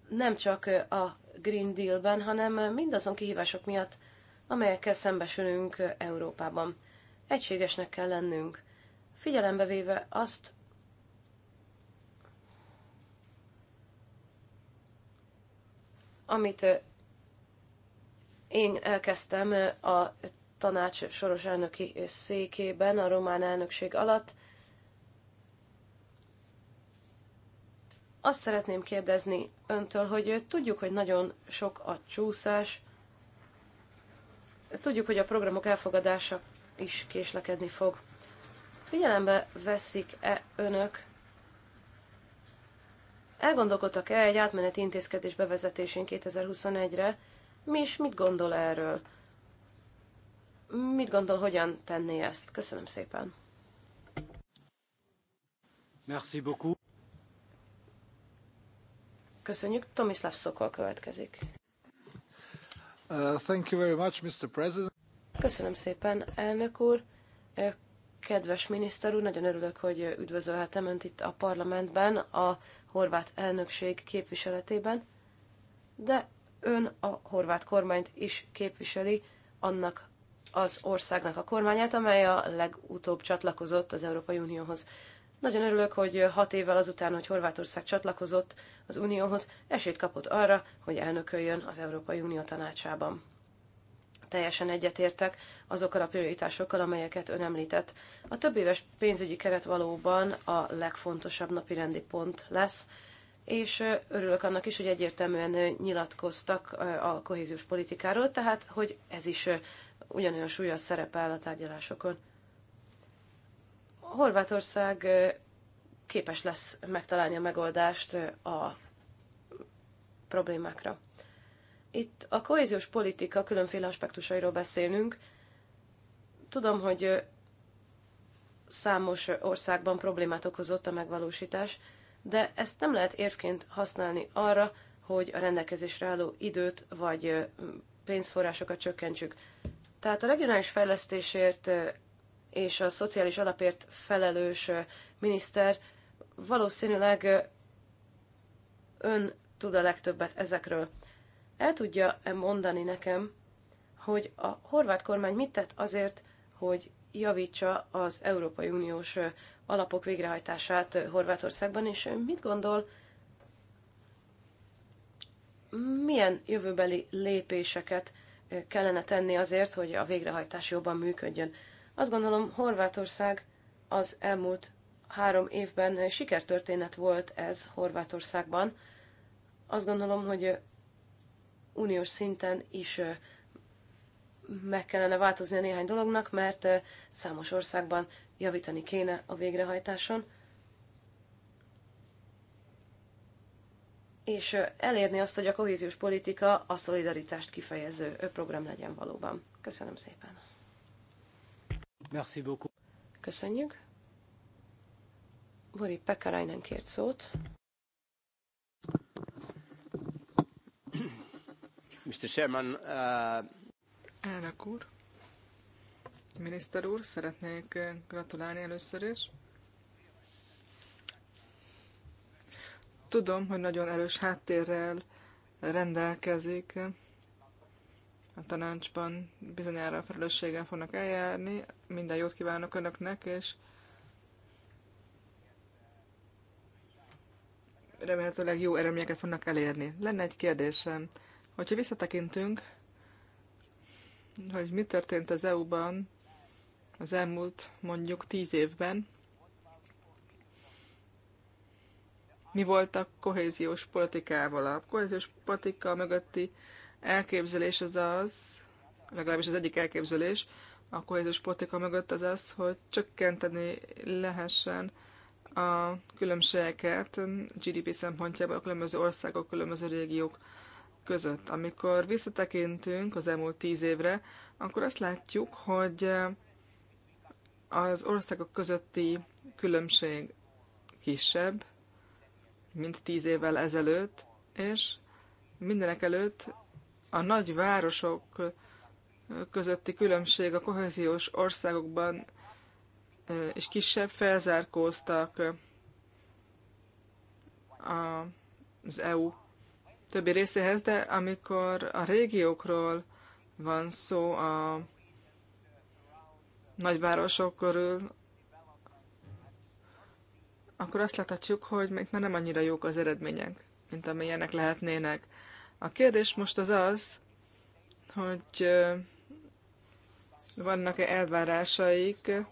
S2: nem csak a Green Deal-ben, hanem mindazon kihívások miatt, amelyekkel szembesülünk Európában. Egységesnek kell lennünk, figyelembe véve azt, amit én elkezdtem a tanács soros elnöki székében a román elnökség alatt, Azt szeretném kérdezni öntől, hogy tudjuk, hogy nagyon sok a csúszás, tudjuk, hogy a programok elfogadása is késlekedni fog. Figyelembe veszik-e önök, elgondolkodtak-e egy átmeneti intézkedés bevezetésén 2021-re, mi is mit gondol erről? Mit gondol, hogyan tenné ezt? Köszönöm szépen. Merci beaucoup. Köszönjük. Tomislav Szokol következik. Uh, thank you very much, Mr. President. Köszönöm szépen, elnök úr. Eh, kedves miniszter úr, nagyon örülök, hogy üdvözölhetem Önt itt a parlamentben, a horvát elnökség képviseletében, de Ön a horvát kormányt is képviseli, annak az országnak a kormányát, amely a legutóbb csatlakozott az Európai Unióhoz. Nagyon örülök, hogy hat évvel azután, hogy Horvátország csatlakozott, az Unióhoz, esélyt kapott arra, hogy elnököljön az Európai Unió tanácsában. Teljesen egyetértek azokkal a prioritásokkal, amelyeket ön említett. A több éves pénzügyi keret valóban a legfontosabb napirendi pont lesz, és örülök annak is, hogy egyértelműen nyilatkoztak a kohéziós politikáról, tehát hogy ez is ugyanolyan súlyos szerepel a tárgyalásokon. Horvátország képes lesz megtalálni a megoldást a problémákra. Itt a kohéziós politika különféle aspektusairól beszélünk. Tudom, hogy számos országban problémát okozott a megvalósítás, de ezt nem lehet érvként használni arra, hogy a rendelkezésre álló időt vagy pénzforrásokat csökkentsük. Tehát a regionális fejlesztésért és a szociális alapért felelős miniszter valószínűleg ön tud a legtöbbet ezekről. El tudja-e mondani nekem, hogy a horvát kormány mit tett azért, hogy javítsa az Európai Uniós alapok végrehajtását Horvátországban, és mit gondol, milyen jövőbeli lépéseket kellene tenni azért, hogy a végrehajtás jobban működjön. Azt gondolom, Horvátország az elmúlt három évben sikertörténet volt ez Horvátországban. Azt gondolom, hogy uniós szinten is meg kellene változni a néhány dolognak, mert számos országban javítani kéne a végrehajtáson. És elérni azt, hogy a kohéziós politika a szolidaritást kifejező program legyen valóban. Köszönöm szépen. Merci beaucoup. Köszönjük. Pekarainen kért szót. Mr. Sherman, uh... Elnök úr,
S4: miniszter úr, szeretnék gratulálni először is. Tudom, hogy nagyon erős háttérrel rendelkezik a tanácsban, bizonyára a felelősséggel fognak eljárni. Minden jót kívánok önöknek, és remélhetőleg jó eredményeket fognak elérni. Lenne egy kérdésem, hogyha visszatekintünk, hogy mi történt az EU-ban az elmúlt mondjuk tíz évben, mi volt a kohéziós politikával. A kohéziós politika mögötti elképzelés az az, legalábbis az egyik elképzelés, a kohéziós politika mögött az az, hogy csökkenteni lehessen a különbségeket GDP szempontjából a különböző országok, különböző régiók között. Amikor visszatekintünk az elmúlt tíz évre, akkor azt látjuk, hogy az országok közötti különbség kisebb, mint tíz évvel ezelőtt, és mindenek előtt a nagy városok közötti különbség a kohéziós országokban és kisebb felzárkóztak az EU többi részéhez, de amikor a régiókról van szó a nagyvárosok körül, akkor azt láthatjuk, hogy még már nem annyira jók az eredmények, mint amilyenek lehetnének. A kérdés most az az, hogy vannak-e elvárásaik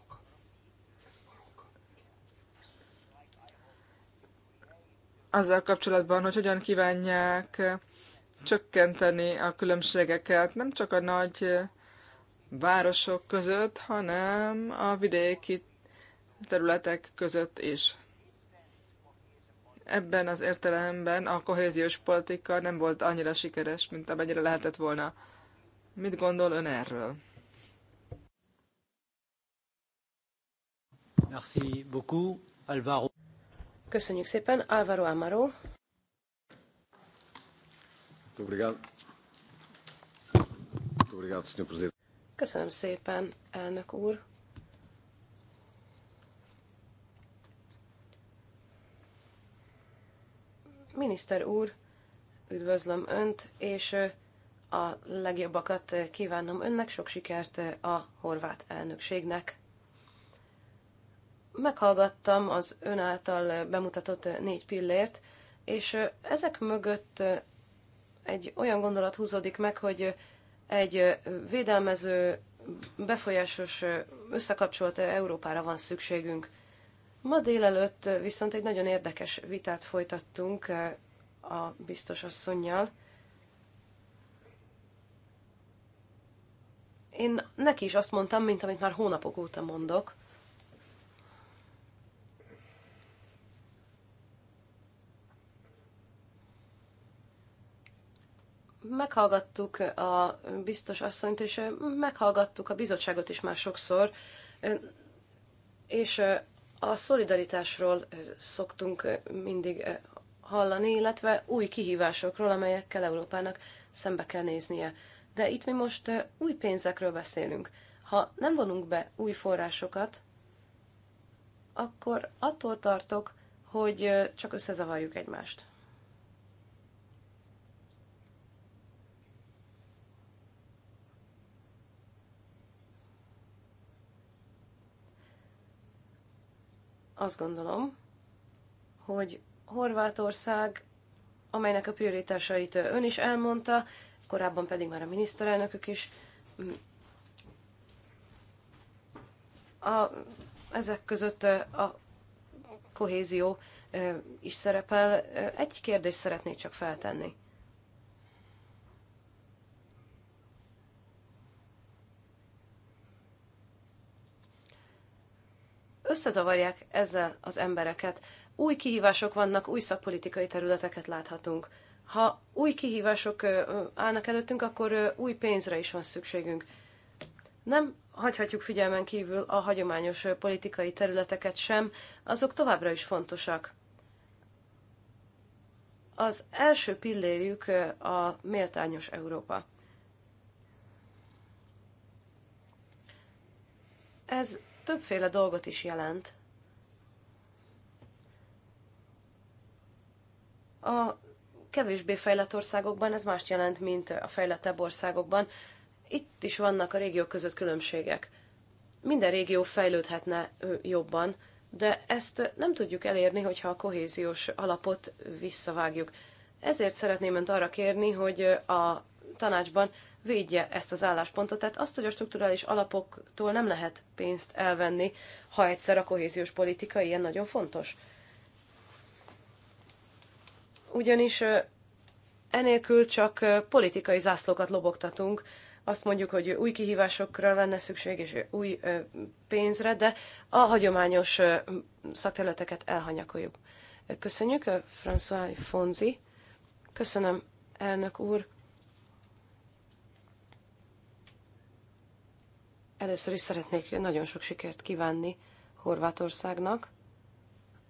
S4: azzal kapcsolatban, hogy hogyan kívánják eh, csökkenteni a különbségeket nem csak a nagy eh, városok között, hanem a vidéki területek között is. Ebben az értelemben a kohéziós politika nem volt annyira sikeres, mint amennyire lehetett volna. Mit gondol ön erről?
S1: Merci beaucoup, Alvaro.
S2: Köszönjük szépen, Álvaro Amaro. Köszönöm szépen, elnök úr. Miniszter úr, üdvözlöm Önt, és a legjobbakat kívánom Önnek, sok sikert a horvát elnökségnek meghallgattam az ön által bemutatott négy pillért, és ezek mögött egy olyan gondolat húzódik meg, hogy egy védelmező, befolyásos, összekapcsolt Európára van szükségünk. Ma délelőtt viszont egy nagyon érdekes vitát folytattunk a biztos asszonynal. Én neki is azt mondtam, mint amit már hónapok óta mondok, meghallgattuk a biztos asszonyt, és meghallgattuk a bizottságot is már sokszor, és a szolidaritásról szoktunk mindig hallani, illetve új kihívásokról, amelyekkel Európának szembe kell néznie. De itt mi most új pénzekről beszélünk. Ha nem vonunk be új forrásokat, akkor attól tartok, hogy csak összezavarjuk egymást. azt gondolom, hogy Horvátország, amelynek a prioritásait ön is elmondta, korábban pedig már a miniszterelnökök is, mm, a, ezek között a kohézió is szerepel. Egy kérdést szeretnék csak feltenni. összezavarják ezzel az embereket. Új kihívások vannak, új szakpolitikai területeket láthatunk. Ha új kihívások állnak előttünk, akkor új pénzre is van szükségünk. Nem hagyhatjuk figyelmen kívül a hagyományos politikai területeket sem, azok továbbra is fontosak. Az első pillérjük a méltányos Európa. Ez többféle dolgot is jelent. A kevésbé fejlett országokban ez mást jelent, mint a fejlettebb országokban. Itt is vannak a régiók között különbségek. Minden régió fejlődhetne jobban, de ezt nem tudjuk elérni, hogyha a kohéziós alapot visszavágjuk. Ezért szeretném Önt arra kérni, hogy a tanácsban védje ezt az álláspontot. Tehát azt, hogy a strukturális alapoktól nem lehet pénzt elvenni, ha egyszer a kohéziós politika ilyen nagyon fontos. Ugyanis enélkül csak politikai zászlókat lobogtatunk, azt mondjuk, hogy új kihívásokra lenne szükség, és új pénzre, de a hagyományos szakterületeket elhanyakoljuk. Köszönjük, François Fonzi. Köszönöm, elnök úr. Először is szeretnék nagyon sok sikert kívánni Horvátországnak,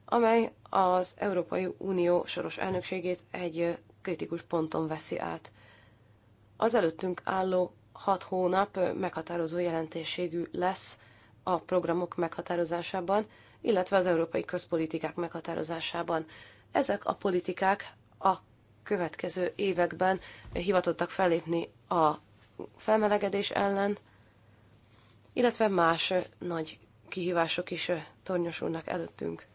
S2: amely az Európai Unió soros elnökségét egy kritikus ponton veszi át. Az előttünk álló hat hónap meghatározó jelentőségű lesz a programok meghatározásában, illetve az európai közpolitikák meghatározásában. Ezek a politikák a következő években hivatottak fellépni a felmelegedés ellen, illetve más nagy kihívások is tornyosulnak előttünk.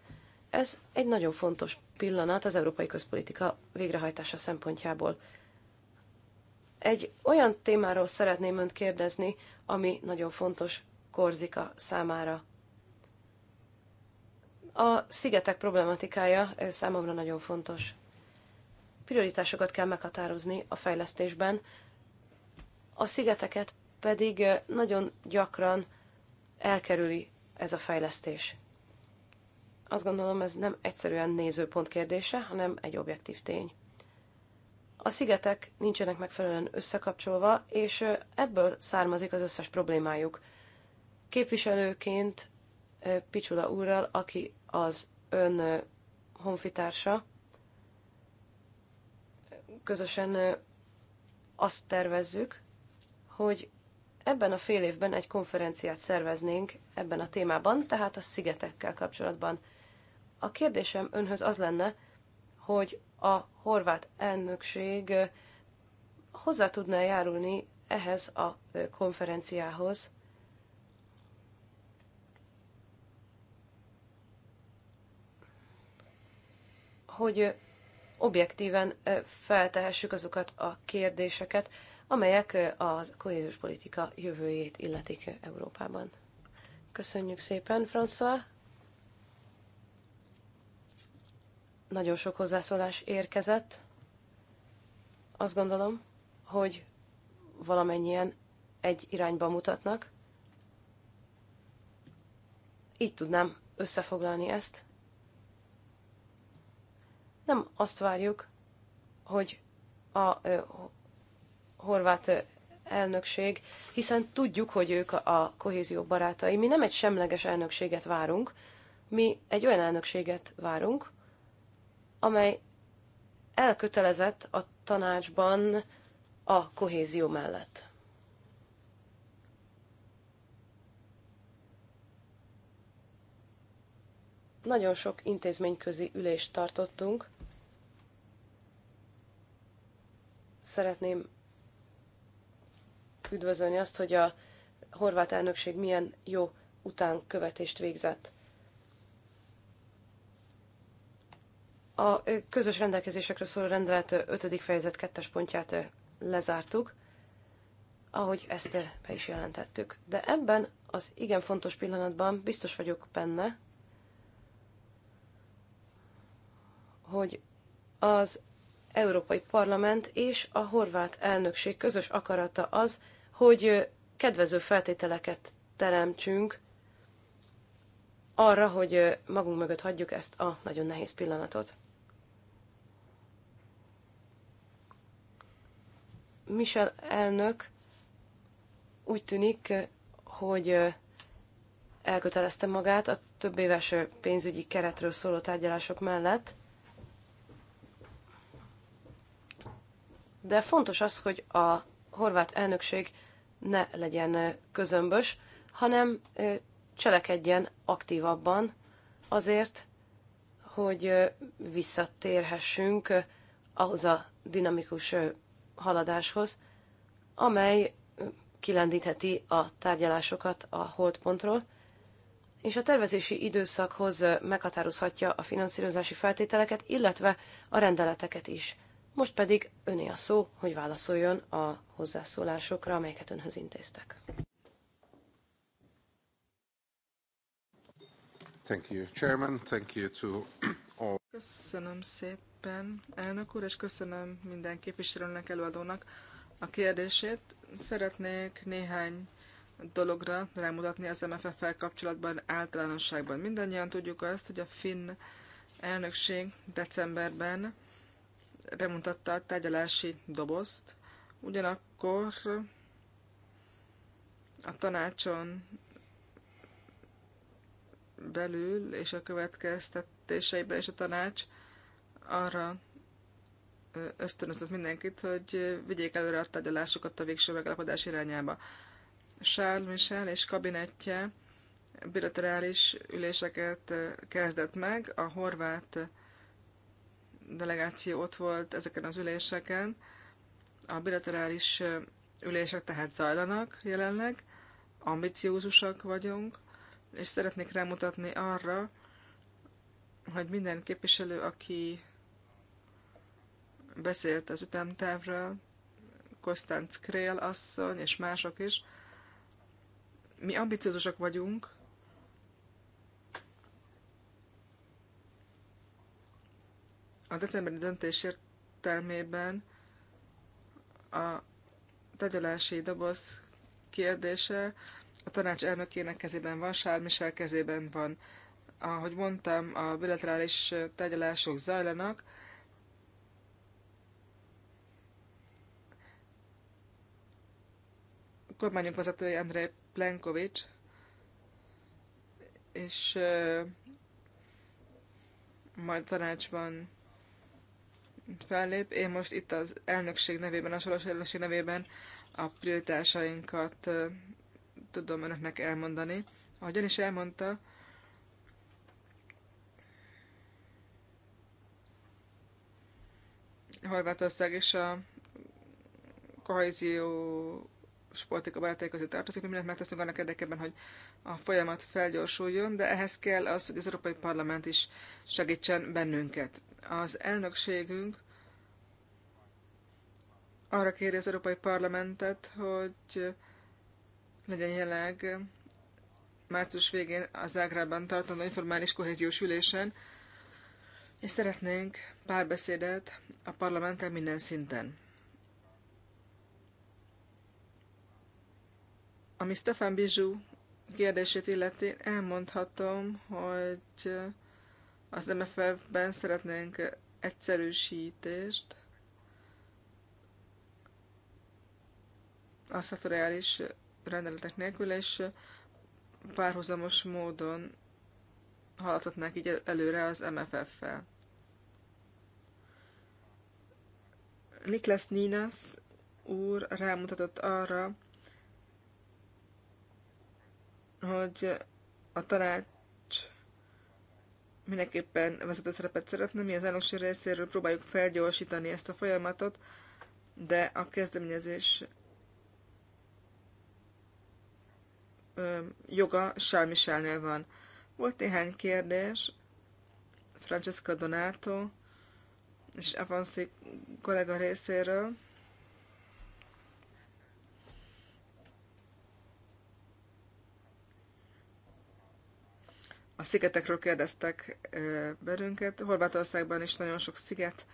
S2: Ez egy nagyon fontos pillanat az európai közpolitika végrehajtása szempontjából. Egy olyan témáról szeretném önt kérdezni, ami nagyon fontos Korzika számára. A szigetek problematikája számomra nagyon fontos. Prioritásokat kell meghatározni a fejlesztésben, a szigeteket pedig nagyon gyakran elkerüli ez a fejlesztés. Azt gondolom, ez nem egyszerűen nézőpont kérdése, hanem egy objektív tény. A szigetek nincsenek megfelelően összekapcsolva, és ebből származik az összes problémájuk. Képviselőként Picsula úrral, aki az ön honfitársa, közösen azt tervezzük, hogy ebben a fél évben egy konferenciát szerveznénk ebben a témában, tehát a szigetekkel kapcsolatban. A kérdésem önhöz az lenne, hogy a horvát elnökség hozzá tudna járulni ehhez a konferenciához, hogy objektíven feltehessük azokat a kérdéseket, amelyek az kohéziós politika jövőjét illetik Európában. Köszönjük szépen, François! Nagyon sok hozzászólás érkezett. Azt gondolom, hogy valamennyien egy irányba mutatnak. Így tudnám összefoglalni ezt. Nem azt várjuk, hogy a horvát elnökség, hiszen tudjuk, hogy ők a kohézió barátai. Mi nem egy semleges elnökséget várunk, mi egy olyan elnökséget várunk, amely elkötelezett a tanácsban a kohézió mellett. Nagyon sok intézményközi ülést tartottunk. Szeretném üdvözölni azt, hogy a horvát elnökség milyen jó utánkövetést végzett. A közös rendelkezésekről szóló rendelet 5. fejezet 2. pontját lezártuk, ahogy ezt be is jelentettük. De ebben az igen fontos pillanatban biztos vagyok benne, hogy az Európai Parlament és a horvát elnökség közös akarata az, hogy kedvező feltételeket teremtsünk arra, hogy magunk mögött hagyjuk ezt a nagyon nehéz pillanatot. Michel elnök úgy tűnik, hogy elkötelezte magát a több éves pénzügyi keretről szóló tárgyalások mellett. De fontos az, hogy a horvát elnökség ne legyen közömbös, hanem cselekedjen aktívabban azért, hogy visszatérhessünk ahhoz a dinamikus haladáshoz, amely kilendítheti a tárgyalásokat a holdpontról, és a tervezési időszakhoz meghatározhatja a finanszírozási feltételeket, illetve a rendeleteket is. Most pedig öné a szó, hogy válaszoljon a hozzászólásokra, amelyeket önhöz intéztek.
S3: Thank you, Chairman. Thank you to all.
S4: Köszönöm szépen, elnök úr, és köszönöm minden képviselőnek, előadónak a kérdését. Szeretnék néhány dologra rámutatni az MFF-fel kapcsolatban általánosságban. Mindannyian tudjuk azt, hogy a finn elnökség decemberben bemutatta a tárgyalási dobozt, ugyanakkor a tanácson belül és a következtetéseiben és a tanács arra ösztönözött mindenkit, hogy vigyék előre a tárgyalásokat a végső megállapodás irányába. Charles Michel és kabinetje bilaterális üléseket kezdett meg a horvát delegáció ott volt ezeken az üléseken. A bilaterális ülések tehát zajlanak jelenleg, ambiciózusak vagyunk, és szeretnék rámutatni arra, hogy minden képviselő, aki beszélt az ütemtávról, Kostánc Krél asszony és mások is, mi ambiciózusak vagyunk, A decemberi döntés értelmében a tagyalási doboz kérdése a tanács elnökének kezében van, Sármisel kezében van. Ahogy mondtam, a bilaterális tárgyalások zajlanak, kormányunk vezetője André Plenkovics, és uh, majd tanácsban fellép. Én most itt az elnökség nevében, a soros elnökség nevében a prioritásainkat tudom önöknek elmondani. Ahogyan is elmondta, Horvátország és a kohézió sportika barátai közé tartozik, mi mindent megteszünk annak érdekében, hogy a folyamat felgyorsuljon, de ehhez kell az, hogy az Európai Parlament is segítsen bennünket. Az elnökségünk arra kéri az Európai Parlamentet, hogy legyen jelenleg március végén az Zágrában tartandó informális kohéziós ülésen, és szeretnénk párbeszédet a parlamenten minden szinten. Ami Stefan Bizsú kérdését illeti, elmondhatom, hogy az MFF-ben szeretnénk egyszerűsítést, a szektoriális rendeletek nélkül, és párhuzamos módon haladhatnánk így előre az MFF-fel. Niklas Ninas úr rámutatott arra, hogy a tanács mindenképpen vezető szerepet szeretne, mi az elnökség részéről próbáljuk felgyorsítani ezt a folyamatot, de a kezdeményezés joga Sálmisálnél van. Volt néhány kérdés, Francesca Donato és Avanci kollega részéről. a szigetekről kérdeztek belünket. Horvátországban is nagyon sok sziget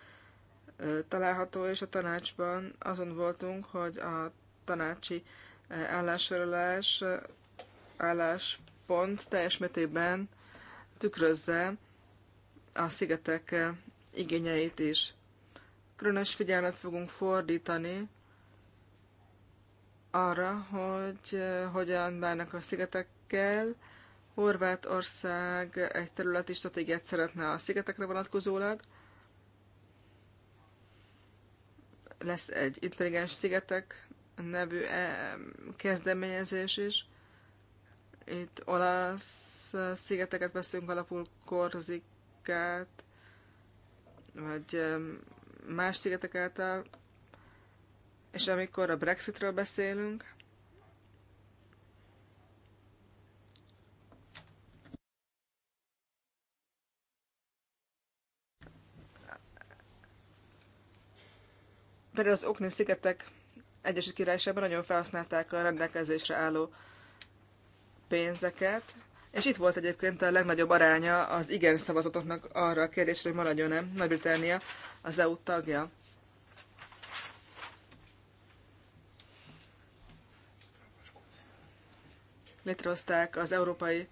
S4: található, és a tanácsban azon voltunk, hogy a tanácsi állásörölés álláspont teljes mértékben tükrözze a szigetek igényeit is. Különös figyelmet fogunk fordítani arra, hogy hogyan bánnak a szigetekkel, Horvátország egy területi stratégiát szeretne a szigetekre vonatkozólag. Lesz egy intelligens szigetek nevű e, kezdeményezés is. Itt olasz szigeteket veszünk alapul, Korzikát, vagy e, más szigetek által. És amikor a Brexitről beszélünk, Például az Okni szigetek Egyesült Királyságban nagyon felhasználták a rendelkezésre álló pénzeket, és itt volt egyébként a legnagyobb aránya az igen szavazatoknak arra a kérdésre, hogy maradjon-e Nagy-Britannia az EU tagja. Létrehozták az európai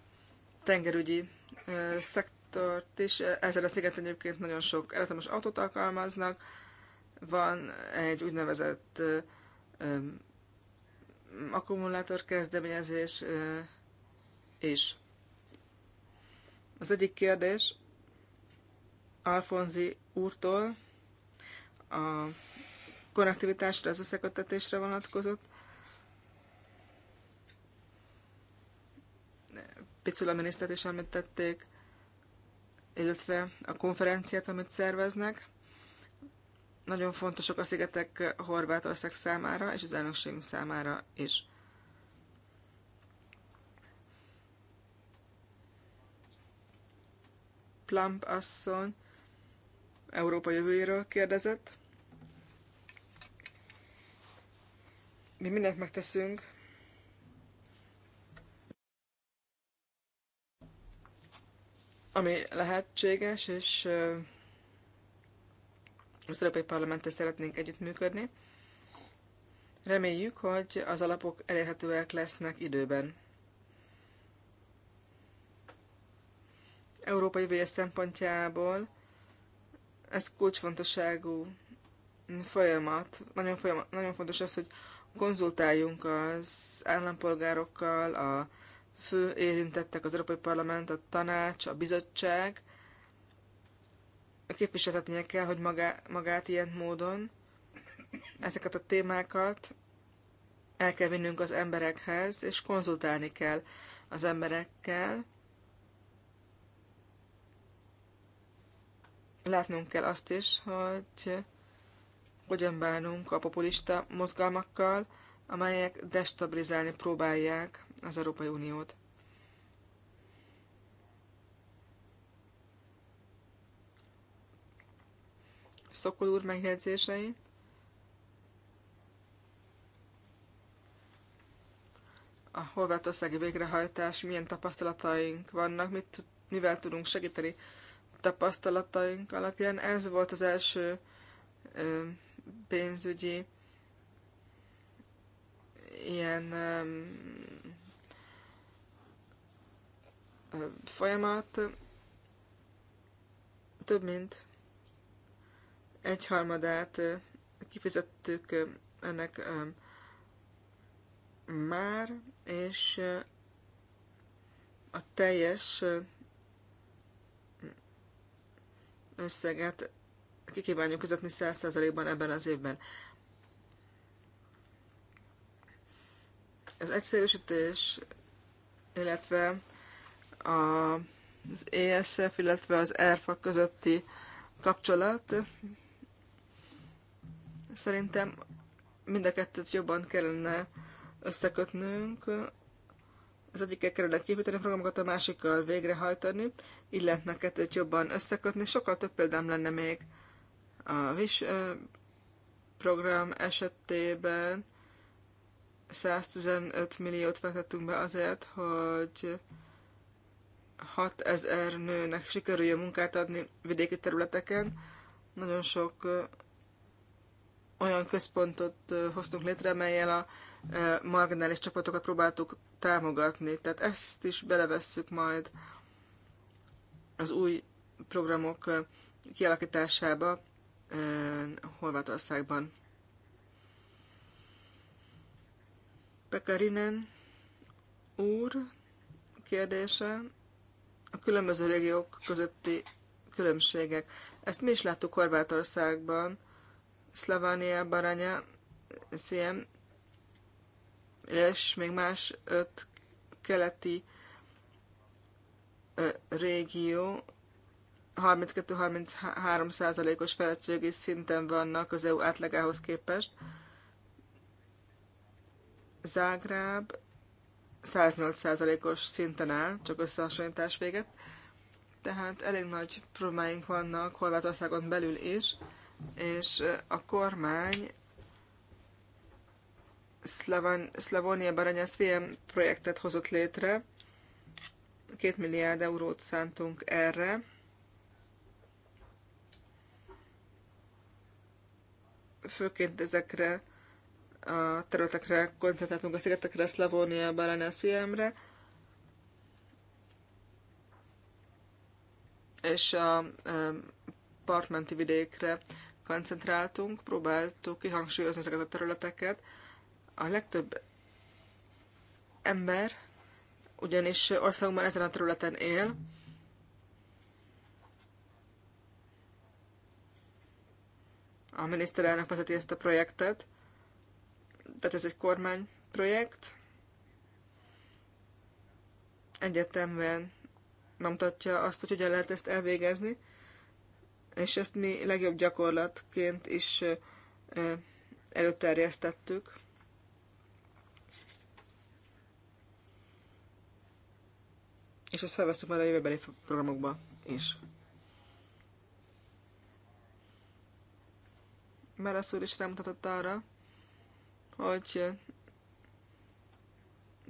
S4: tengerügyi ö, szektort is. Ezzel a szigeten egyébként nagyon sok elektromos autót alkalmaznak, van egy úgynevezett akkumulátor kezdeményezés is. Az egyik kérdés Alfonzi úrtól a konnektivitásra, az összekötetésre vonatkozott. Picula minisztert is említették, illetve a konferenciát, amit szerveznek. Nagyon fontosak a szigetek Horvátország számára és az elnökségünk számára is. Plump asszony Európa jövőjéről kérdezett. Mi mindent megteszünk, ami lehetséges, és az Európai Parlamenttel szeretnénk együttműködni. Reméljük, hogy az alapok elérhetőek lesznek időben. Európai jövője szempontjából ez kulcsfontosságú folyamat. Nagyon, folyamat. nagyon fontos az, hogy konzultáljunk az állampolgárokkal, a fő érintettek, az Európai Parlament, a tanács, a bizottság, képviseltetnie kell, hogy magá, magát ilyen módon ezeket a témákat el kell vinnünk az emberekhez, és konzultálni kell az emberekkel. Látnunk kell azt is, hogy hogyan bánunk a populista mozgalmakkal, amelyek destabilizálni próbálják az Európai Uniót. Szokol úr megjegyzései. A horvátországi végrehajtás, milyen tapasztalataink vannak, mit, mivel tudunk segíteni tapasztalataink alapján. Ez volt az első ö, pénzügyi ilyen ö, folyamat több mint egyharmadát kifizettük ennek már, és a teljes összeget kikívánjuk fizetni 100%-ban ebben az évben. Az egyszerűsítés, illetve az ESF, illetve az ERFA közötti kapcsolat Szerintem mind a kettőt jobban kellene összekötnünk. Az egyikkel kellene képíteni programokat, a másikkal végrehajtani, így lehetne kettőt jobban összekötni. Sokkal több példám lenne még a VIS program esetében 115 milliót fektettünk be azért, hogy 6000 nőnek sikerüljön munkát adni vidéki területeken. Nagyon sok olyan központot hoztunk létre, melyel a marginális csapatokat próbáltuk támogatni. Tehát ezt is belevesszük majd az új programok kialakításába Horvátországban. Pekarinen úr kérdése a különböző régiók közötti különbségek. Ezt mi is láttuk Horvátországban, Slavania, Baranya, Siem, és még más öt keleti régió 32-33 százalékos fejlettségi szinten vannak az EU átlagához képest. Zágráb 108 százalékos szinten áll, csak összehasonlítás véget. Tehát elég nagy problémáink vannak Horvátországon belül is és a kormány slavonia Szlavonia Baranyász VM projektet hozott létre. Két milliárd eurót szántunk erre. Főként ezekre a területekre koncentráltunk a szigetekre, slavonia Baranyász VM-re. És a partmenti vidékre koncentráltunk, próbáltuk kihangsúlyozni ezeket a területeket. A legtöbb ember ugyanis országunkban ezen a területen él, a miniszterelnök vezeti ezt a projektet, tehát ez egy kormányprojekt, egyetemben nem mutatja azt, hogy hogyan lehet ezt elvégezni és ezt mi legjobb gyakorlatként is előterjesztettük. És ezt felvesztük majd a jövőbeli programokba is. Merasz úr is rámutatott arra, hogy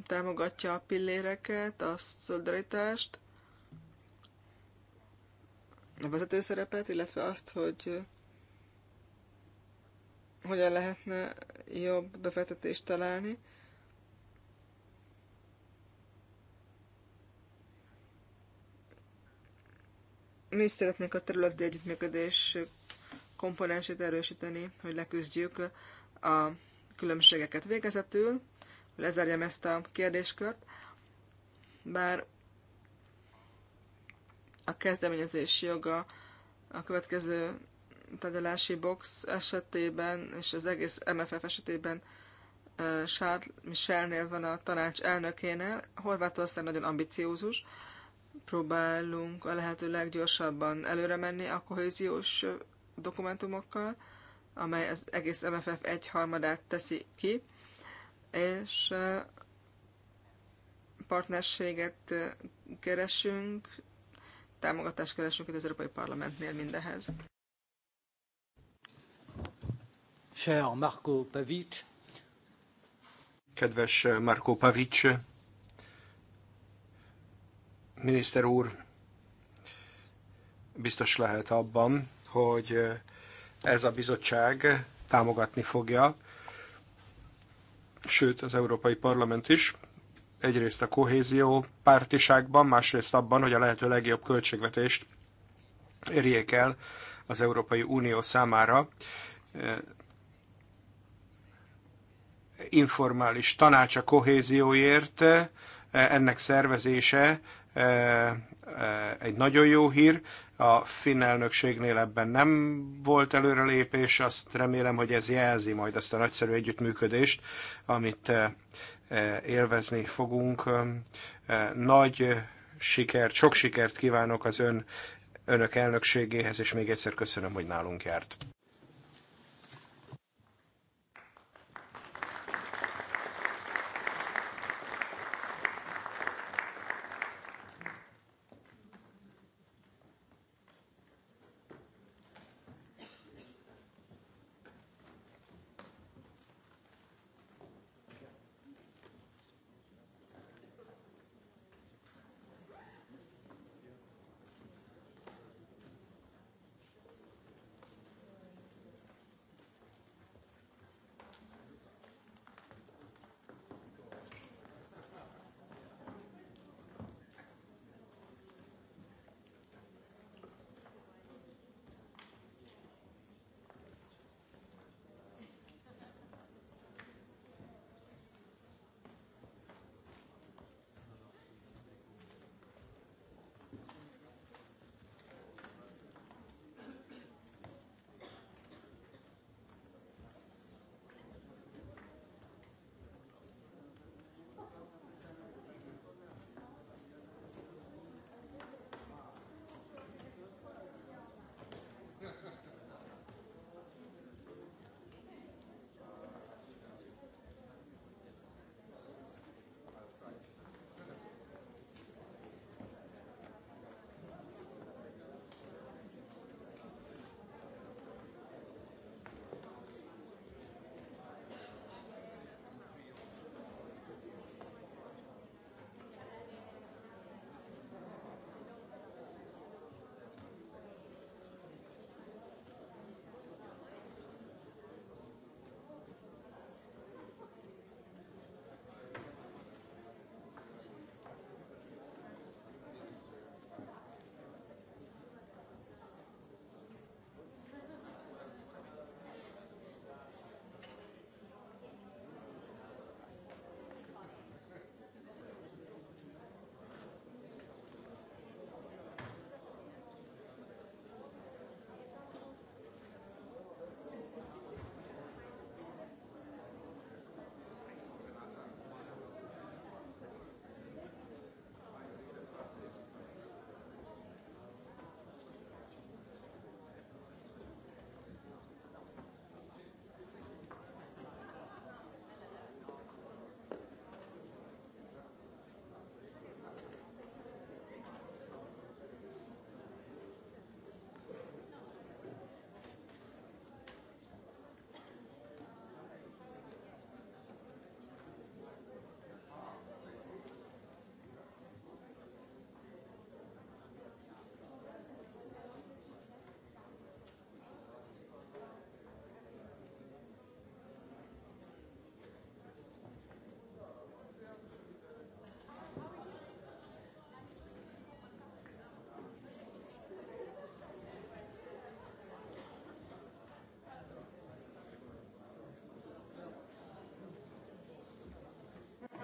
S4: támogatja a pilléreket, a szolidaritást, a vezető szerepet, illetve azt, hogy hogyan lehetne jobb befektetést találni. Mi is szeretnénk a területi együttműködés komponensét erősíteni, hogy leküzdjük a különbségeket végezetül, lezárjam ezt a kérdéskört. Bár a kezdeményezés joga a következő tárgyalási box esetében és az egész MFF esetében Charles Michelnél van a tanács elnökénél. Horvátország nagyon ambiciózus, próbálunk a lehető leggyorsabban előre menni a kohéziós dokumentumokkal, amely az egész MFF egyharmadát teszi ki, és partnerséget keresünk támogatást keresünk itt az Európai Parlamentnél mindehez.
S1: Marco Pavic.
S3: Kedves Marco Pavic, miniszter úr, biztos lehet abban, hogy ez a bizottság támogatni fogja, sőt az Európai Parlament is, egyrészt a kohézió pártiságban, másrészt abban, hogy a lehető legjobb költségvetést érjék el az Európai Unió számára. Informális tanács a kohézióért, ennek szervezése e, e, egy nagyon jó hír. A finn elnökségnél ebben nem volt előrelépés, azt remélem, hogy ez jelzi majd azt a nagyszerű együttműködést, amit e, élvezni fogunk. Nagy sikert, sok sikert kívánok az ön, önök elnökségéhez, és még egyszer köszönöm, hogy nálunk járt.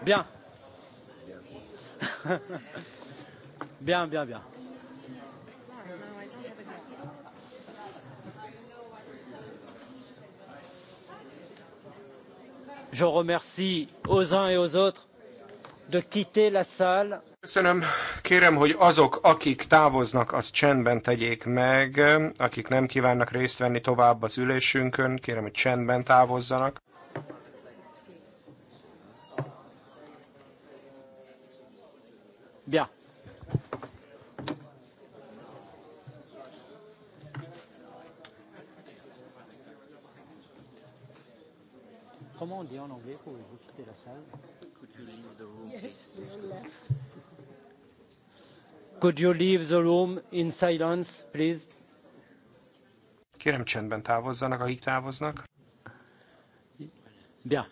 S1: Bien. [LAUGHS] bien, bien, bien. Je remercie aux uns et aux autres de quitter la salle. Köszönöm.
S3: Kérem, hogy azok, akik távoznak, az csendben tegyék meg. Akik nem kívánnak részt venni tovább az ülésünkön, kérem, hogy csendben távozzanak.
S1: vous la salle Could you leave the room? Yes, we left. Could you leave the room in silence, please? Kérem csendben távozzanak, akik távoznak. Bien.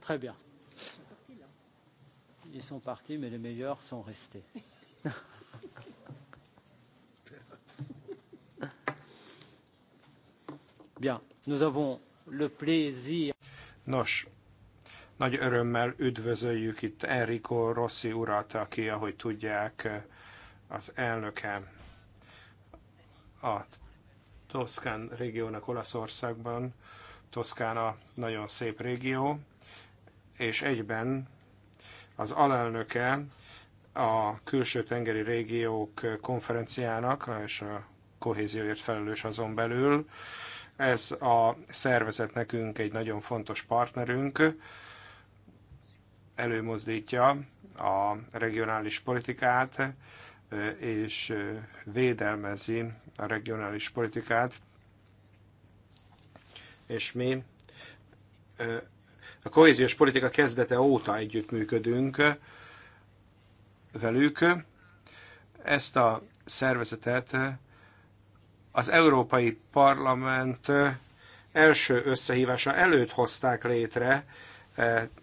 S1: Très bien. Ils sont partis, mais les meilleurs sont restés. [LAUGHS] Bien, nous avons le
S3: plaisir. Nos, nagy örömmel üdvözöljük itt Enrico Rossi urat, aki, ahogy tudják, az elnöke a Toszkán régiónak Olaszországban. a nagyon szép régió, és egyben az alelnöke a külső tengeri régiók konferenciának és a kohézióért felelős azon belül ez a szervezet nekünk egy nagyon fontos partnerünk, előmozdítja a regionális politikát, és védelmezi a regionális politikát, és mi a kohéziós politika kezdete óta együttműködünk velük. Ezt a szervezetet az Európai Parlament első összehívása előtt hozták létre,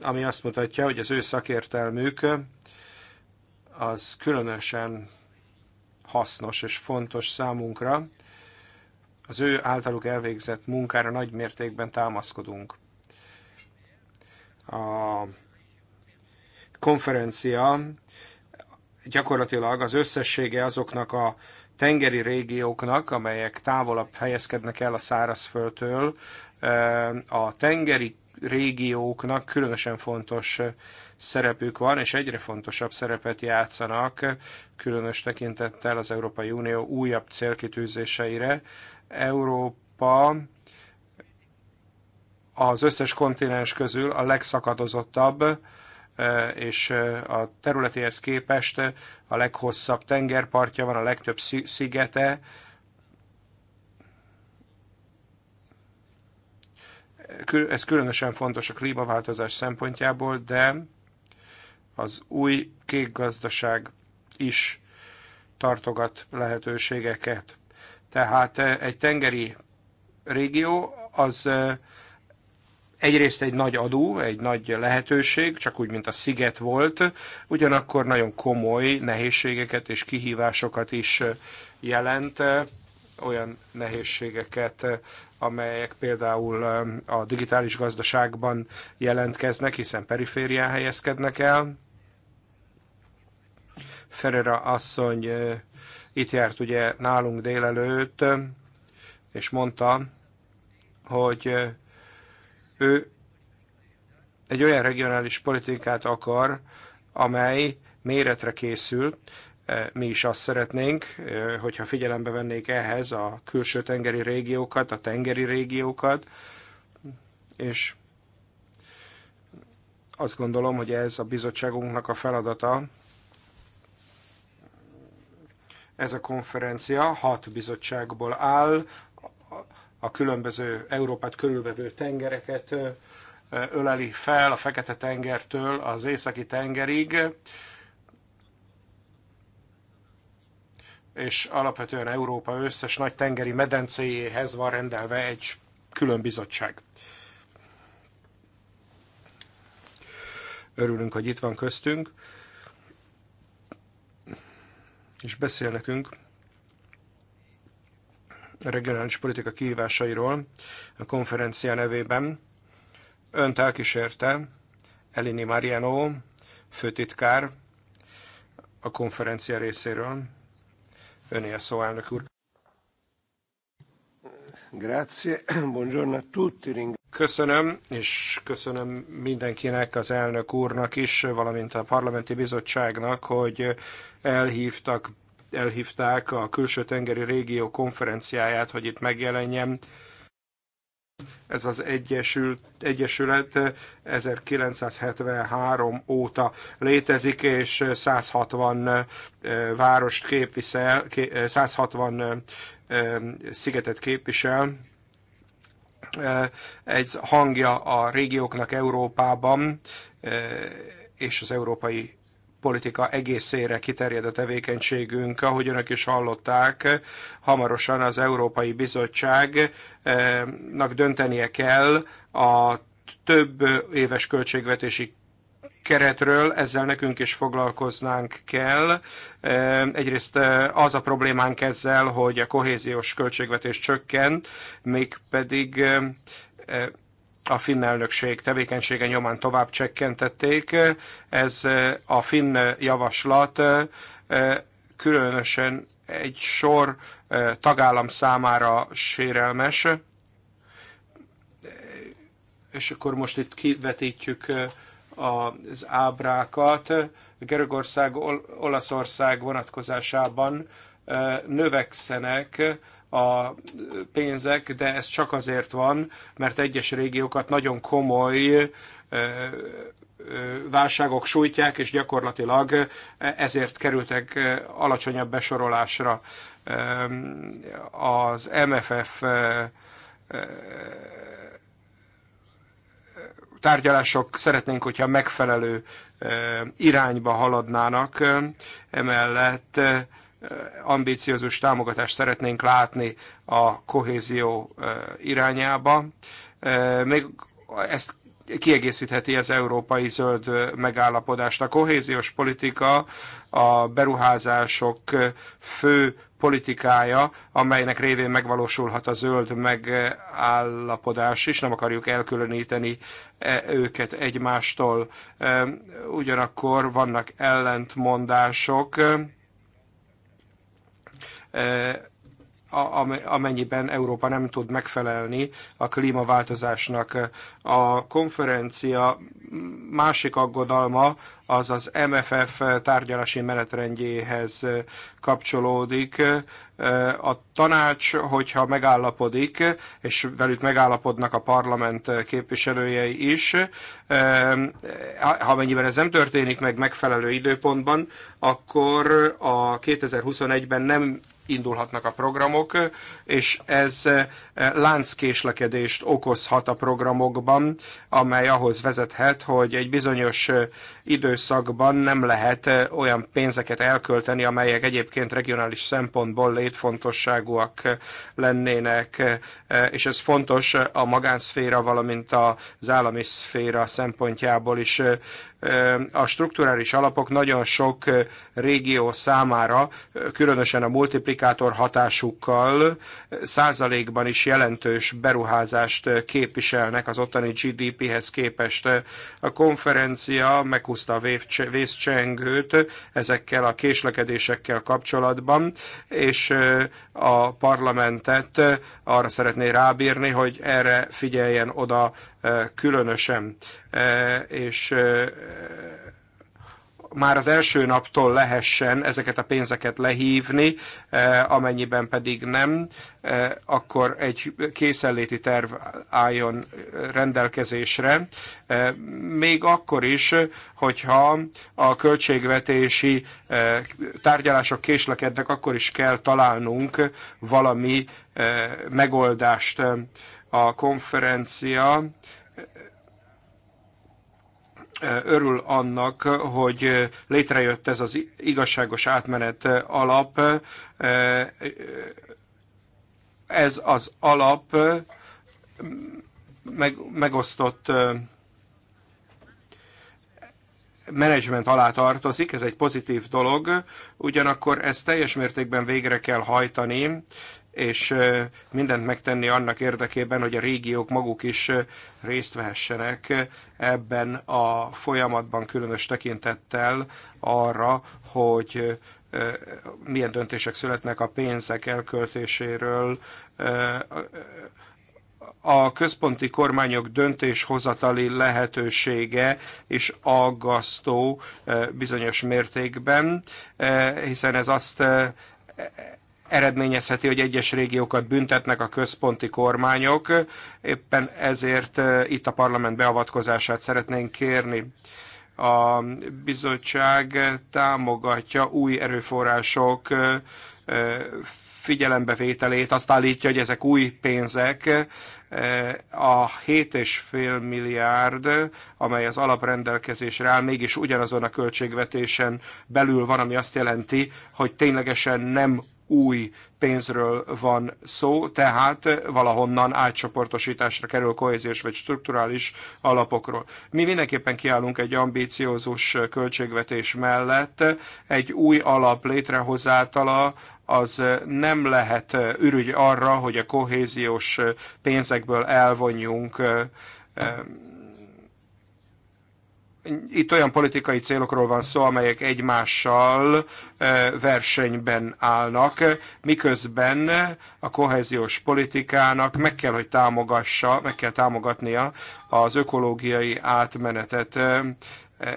S3: ami azt mutatja, hogy az ő szakértelmük az különösen hasznos és fontos számunkra. Az ő általuk elvégzett munkára nagy mértékben támaszkodunk. A konferencia gyakorlatilag az összessége azoknak a tengeri régióknak, amelyek távolabb helyezkednek el a szárazföldtől, eh, a tengeri régióknak különösen fontos szerepük van, és egyre fontosabb szerepet játszanak, különös tekintettel az Európai Unió újabb célkitűzéseire. Európa az összes kontinens közül a legszakadozottabb, és a területéhez képest a leghosszabb tengerpartja van, a legtöbb szigete. Ez különösen fontos a klímaváltozás szempontjából, de az új kék gazdaság is tartogat lehetőségeket. Tehát egy tengeri régió az egyrészt egy nagy adó, egy nagy lehetőség, csak úgy, mint a sziget volt, ugyanakkor nagyon komoly nehézségeket és kihívásokat is jelent, olyan nehézségeket, amelyek például a digitális gazdaságban jelentkeznek, hiszen periférián helyezkednek el. Ferrera asszony itt járt ugye nálunk délelőtt, és mondta, hogy ő egy olyan regionális politikát akar, amely méretre készül, e, mi is azt szeretnénk, e, hogyha figyelembe vennék ehhez a külső tengeri régiókat, a tengeri régiókat, és azt gondolom, hogy ez a bizottságunknak a feladata, ez a konferencia hat bizottságból áll, a különböző Európát körülvevő tengereket öleli fel a Fekete-tengertől az Északi tengerig, és alapvetően Európa összes nagy tengeri medencéjéhez van rendelve egy külön bizottság. Örülünk, hogy itt van köztünk, és beszél nekünk regionális politika kihívásairól a konferencia nevében. Önt elkísérte Elini Mariano, főtitkár a konferencia részéről. Öné a szó, elnök úr. Grazie, buongiorno a tutti. Köszönöm, és köszönöm mindenkinek, az elnök úrnak is, valamint a parlamenti bizottságnak, hogy elhívtak elhívták a külső tengeri régió konferenciáját, hogy itt megjelenjem. Ez az Egyesült, Egyesület 1973 óta létezik, és 160 várost képvisel, 160 szigetet képvisel. Egy hangja a régióknak Európában, és az európai politika egészére kiterjed a tevékenységünk. Ahogy önök is hallották, hamarosan az Európai Bizottságnak döntenie kell a több éves költségvetési keretről, ezzel nekünk is foglalkoznánk kell. Egyrészt az a problémánk ezzel, hogy a kohéziós költségvetés csökken, mégpedig a finn elnökség tevékenysége nyomán tovább csekkentették. Ez eh, a finn javaslat eh, különösen egy sor eh, tagállam számára sérelmes. És akkor most itt kivetítjük az ábrákat. Görögország, Olaszország vonatkozásában növekszenek a pénzek, de ez csak azért van, mert egyes régiókat nagyon komoly válságok sújtják, és gyakorlatilag ezért kerültek alacsonyabb besorolásra az MFF tárgyalások szeretnénk, hogyha megfelelő irányba haladnának, emellett ambíciózus támogatást szeretnénk látni a kohézió irányába. Még ezt kiegészítheti az európai zöld megállapodást. A kohéziós politika a beruházások fő politikája, amelynek révén megvalósulhat a zöld megállapodás is, nem akarjuk elkülöníteni őket egymástól. Ugyanakkor vannak ellentmondások, Eh, amennyiben Európa nem tud megfelelni a klímaváltozásnak. A konferencia másik aggodalma az az MFF tárgyalási menetrendjéhez kapcsolódik. A tanács, hogyha megállapodik, és velük megállapodnak a parlament képviselőjei is, ha mennyiben ez nem történik meg megfelelő időpontban, akkor a 2021-ben nem indulhatnak a programok, és ez lánckéslekedést okozhat a programokban, amely ahhoz vezethet, hogy egy bizonyos időszak időszakban nem lehet olyan pénzeket elkölteni, amelyek egyébként regionális szempontból létfontosságúak lennének, és ez fontos a magánszféra, valamint az állami szféra szempontjából is a strukturális alapok nagyon sok régió számára, különösen a multiplikátor hatásukkal százalékban is jelentős beruházást képviselnek az ottani GDP-hez képest. A konferencia meghúzta a vészcsengőt ezekkel a késlekedésekkel kapcsolatban, és a parlamentet arra szeretné rábírni, hogy erre figyeljen oda különösen, és már az első naptól lehessen ezeket a pénzeket lehívni, amennyiben pedig nem, akkor egy készenléti terv álljon rendelkezésre, még akkor is, hogyha a költségvetési tárgyalások késlekednek, akkor is kell találnunk valami megoldást a konferencia örül annak, hogy létrejött ez az igazságos átmenet alap. Ez az alap meg, megosztott menedzsment alá tartozik, ez egy pozitív dolog, ugyanakkor ezt teljes mértékben végre kell hajtani, és mindent megtenni annak érdekében, hogy a régiók maguk is részt vehessenek ebben a folyamatban, különös tekintettel arra, hogy milyen döntések születnek a pénzek elköltéséről, a központi kormányok döntéshozatali lehetősége is aggasztó bizonyos mértékben, hiszen ez azt eredményezheti, hogy egyes régiókat büntetnek a központi kormányok. Éppen ezért eh, itt a parlament beavatkozását szeretnénk kérni a bizottság támogatja új erőforrások eh, eh, figyelembevételét, azt állítja, hogy ezek új pénzek, a 7,5 milliárd, amely az alaprendelkezésre áll, mégis ugyanazon a költségvetésen belül van, ami azt jelenti, hogy ténylegesen nem új pénzről van szó, tehát valahonnan átcsoportosításra kerül kohéziós vagy strukturális alapokról. Mi mindenképpen kiállunk egy ambíciózus költségvetés mellett, egy új alap létrehozátala az nem lehet ürügy arra, hogy a kohéziós pénzekből elvonjunk eh, itt olyan politikai célokról van szó, amelyek egymással versenyben állnak, miközben a kohéziós politikának meg kell, hogy támogassa, meg kell támogatnia az ökológiai átmenetet,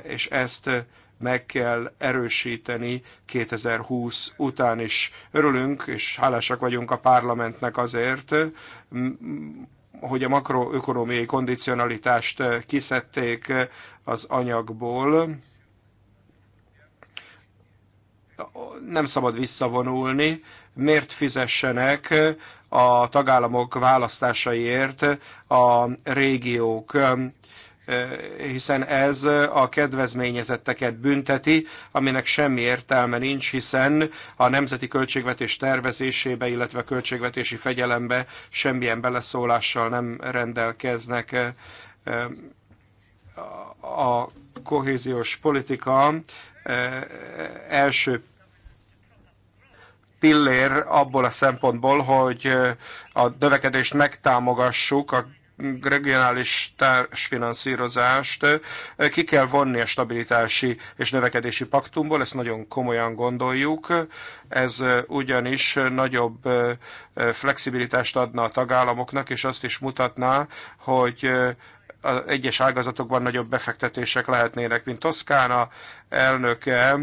S3: és ezt meg kell erősíteni 2020 után is. Örülünk, és hálásak vagyunk a parlamentnek azért, hogy a makroökonomiai kondicionalitást eh, kiszedték eh, az anyagból. Nem szabad visszavonulni. Miért fizessenek eh, a tagállamok választásaiért a régiók? Eh, hiszen ez eh, a kedvezményezetteket bünteti, aminek semmi értelme nincs, hiszen a nemzeti költségvetés tervezésébe, illetve költségvetési fegyelembe semmilyen beleszólással nem rendelkeznek eh, a kohéziós politika első pillér abból a szempontból, hogy a növekedést megtámogassuk, a regionális társfinanszírozást ki kell vonni a stabilitási és növekedési paktumból, ezt nagyon komolyan gondoljuk. Ez ugyanis nagyobb flexibilitást adna a tagállamoknak, és azt is mutatná, hogy az egyes ágazatokban nagyobb befektetések lehetnének, mint Toszkána elnöke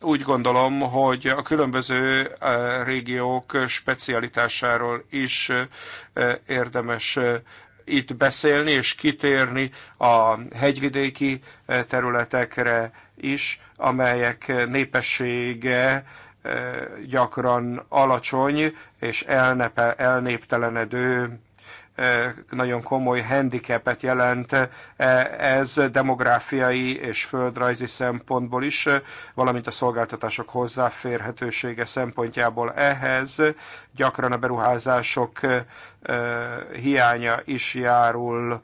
S3: úgy gondolom, hogy a különböző eh, régiók specialitásáról is eh, érdemes eh, itt beszélni és kitérni a hegyvidéki területekre is, amelyek népessége gyakran alacsony és elnepe, elnéptelenedő nagyon komoly handicapet jelent ez demográfiai és földrajzi szempontból is, valamint a szolgáltatások hozzáférhetősége szempontjából ehhez gyakran a beruházások hiánya is járul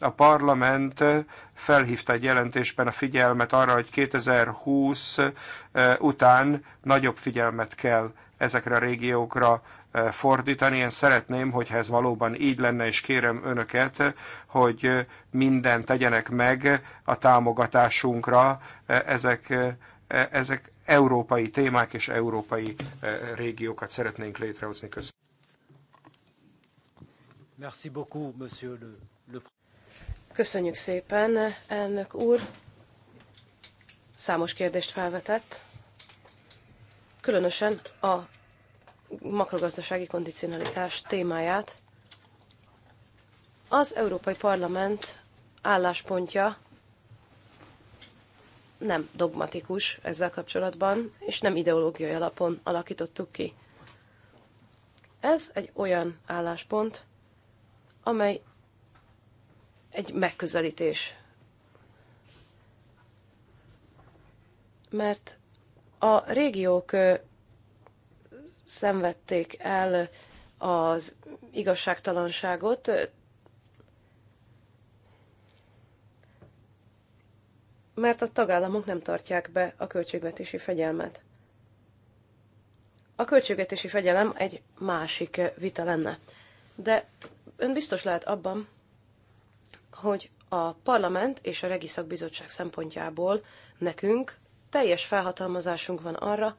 S3: a parlament felhívta egy jelentésben a figyelmet arra, hogy 2020 után nagyobb figyelmet kell ezekre a régiókra fordítani. Én szeretném, hogyha ez valóban így lenne, és kérem önöket, hogy mindent tegyenek meg a támogatásunkra. Ezek, ezek európai témák és európai régiókat szeretnénk létrehozni. Köszönöm.
S1: Merci beaucoup, monsieur le, le...
S2: Köszönjük szépen, elnök úr. Számos kérdést felvetett, különösen a makrogazdasági kondicionalitás témáját. Az Európai Parlament álláspontja nem dogmatikus ezzel kapcsolatban, és nem ideológiai alapon alakítottuk ki. Ez egy olyan álláspont, amely egy megközelítés. Mert a régiók szenvedték el az igazságtalanságot. Mert a tagállamok nem tartják be a költségvetési fegyelmet. A költségvetési fegyelem egy másik vita lenne. De ön biztos lehet abban, hogy a parlament és a regiszakbizottság Bizottság szempontjából nekünk teljes felhatalmazásunk van arra,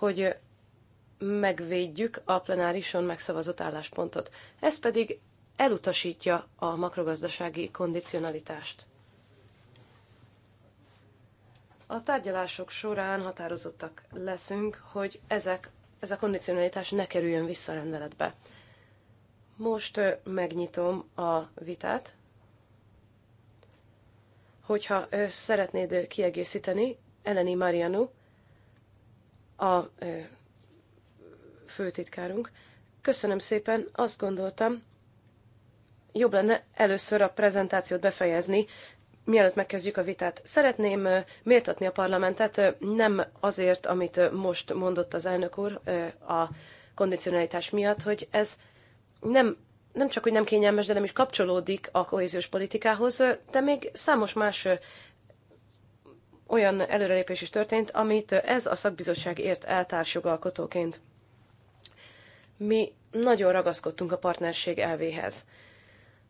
S2: hogy megvédjük a plenárison megszavazott álláspontot. Ez pedig elutasítja a makrogazdasági kondicionalitást. A tárgyalások során határozottak leszünk, hogy ezek, ez a kondicionalitás ne kerüljön vissza rendeletbe. Most megnyitom a vitát. Hogyha szeretnéd kiegészíteni, Eleni Marianu, a főtitkárunk. Köszönöm szépen, azt gondoltam, jobb lenne először a prezentációt befejezni, mielőtt megkezdjük a vitát. Szeretném méltatni a parlamentet, nem azért, amit most mondott az elnök úr a kondicionalitás miatt, hogy ez nem, nem csak, hogy nem kényelmes, de nem is kapcsolódik a kohéziós politikához, de még számos más olyan előrelépés is történt, amit ez a szakbizottság ért el Mi nagyon ragaszkodtunk a partnerség elvéhez.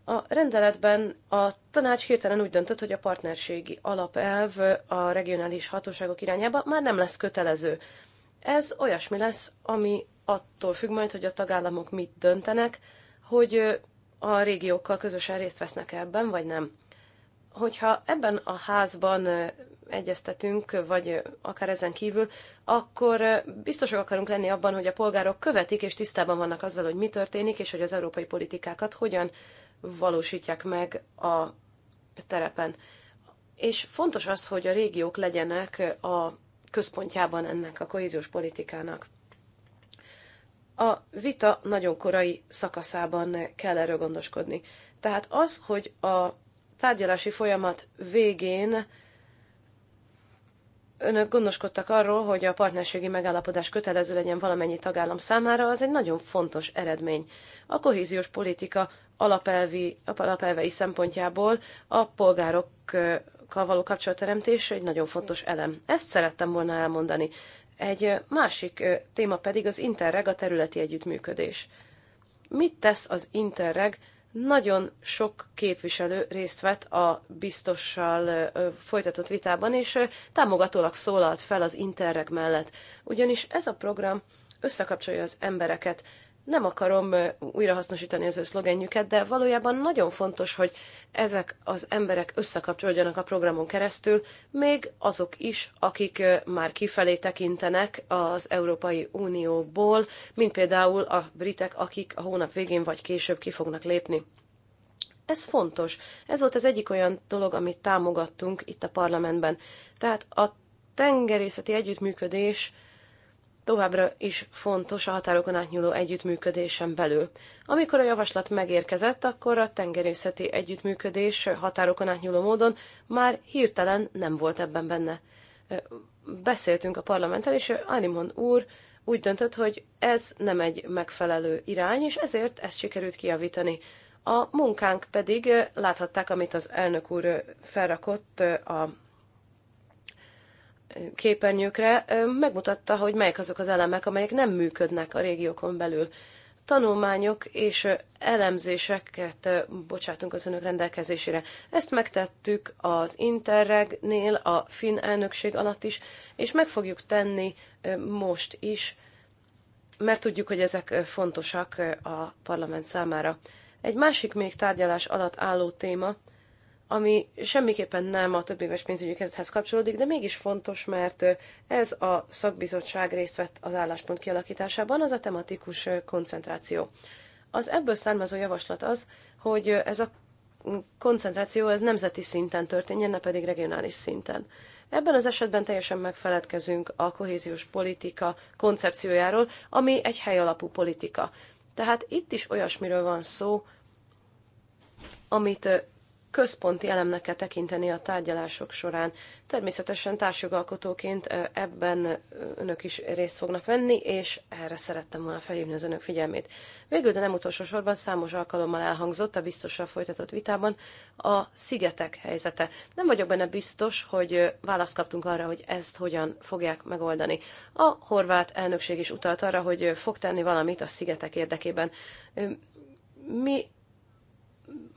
S2: A rendeletben a tanács hirtelen úgy döntött, hogy a partnerségi alapelv a regionális hatóságok irányába már nem lesz kötelező. Ez olyasmi lesz, ami attól függ majd, hogy a tagállamok mit döntenek, hogy a régiókkal közösen részt vesznek ebben, vagy nem. Hogyha ebben a házban egyeztetünk, vagy akár ezen kívül, akkor biztosak akarunk lenni abban, hogy a polgárok követik és tisztában vannak azzal, hogy mi történik, és hogy az európai politikákat hogyan valósítják meg a terepen. És fontos az, hogy a régiók legyenek a központjában ennek a kohéziós politikának. A vita nagyon korai szakaszában kell erről gondoskodni. Tehát az, hogy a tárgyalási folyamat végén önök gondoskodtak arról, hogy a partnerségi megállapodás kötelező legyen valamennyi tagállam számára, az egy nagyon fontos eredmény. A kohéziós politika alapelvi, alapelvei szempontjából a polgárokkal való kapcsolatteremtés egy nagyon fontos elem. Ezt szerettem volna elmondani. Egy másik téma pedig az Interreg, a területi együttműködés. Mit tesz az Interreg nagyon sok képviselő részt vett a biztossal folytatott vitában, és támogatólag szólalt fel az Interreg mellett, ugyanis ez a program összekapcsolja az embereket, nem akarom újrahasznosítani az ő szlogenjüket, de valójában nagyon fontos, hogy ezek az emberek összekapcsolódjanak a programon keresztül, még azok is, akik már kifelé tekintenek az Európai Unióból, mint például a britek, akik a hónap végén vagy később ki fognak lépni. Ez fontos. Ez volt az egyik olyan dolog, amit támogattunk itt a parlamentben. Tehát a tengerészeti együttműködés továbbra is fontos a határokon átnyúló együttműködésen belül. Amikor a javaslat megérkezett, akkor a tengerészeti együttműködés határokon átnyúló módon már hirtelen nem volt ebben benne. Beszéltünk a parlamenttel, és Arimon úr úgy döntött, hogy ez nem egy megfelelő irány, és ezért ezt sikerült kiavítani. A munkánk pedig, láthatták, amit az elnök úr felrakott a képernyőkre, megmutatta, hogy melyek azok az elemek, amelyek nem működnek a régiókon belül. Tanulmányok és elemzéseket bocsátunk az önök rendelkezésére. Ezt megtettük az Interregnél, a finn elnökség alatt is, és meg fogjuk tenni most is, mert tudjuk, hogy ezek fontosak a parlament számára. Egy másik még tárgyalás alatt álló téma, ami semmiképpen nem a több éves pénzügyi kerethez kapcsolódik, de mégis fontos, mert ez a szakbizottság részt vett az álláspont kialakításában, az a tematikus koncentráció. Az ebből származó javaslat az, hogy ez a koncentráció ez nemzeti szinten történjen, ne pedig regionális szinten. Ebben az esetben teljesen megfeledkezünk a kohéziós politika koncepciójáról, ami egy hely alapú politika. Tehát itt is olyasmiről van szó, amit központi elemnek kell tekinteni a tárgyalások során. Természetesen társjogalkotóként ebben önök is részt fognak venni, és erre szerettem volna felhívni az önök figyelmét. Végül, de nem utolsó sorban számos alkalommal elhangzott a biztossal folytatott vitában a szigetek helyzete. Nem vagyok benne biztos, hogy választ kaptunk arra, hogy ezt hogyan fogják megoldani. A horvát elnökség is utalt arra, hogy fog tenni valamit a szigetek érdekében. Mi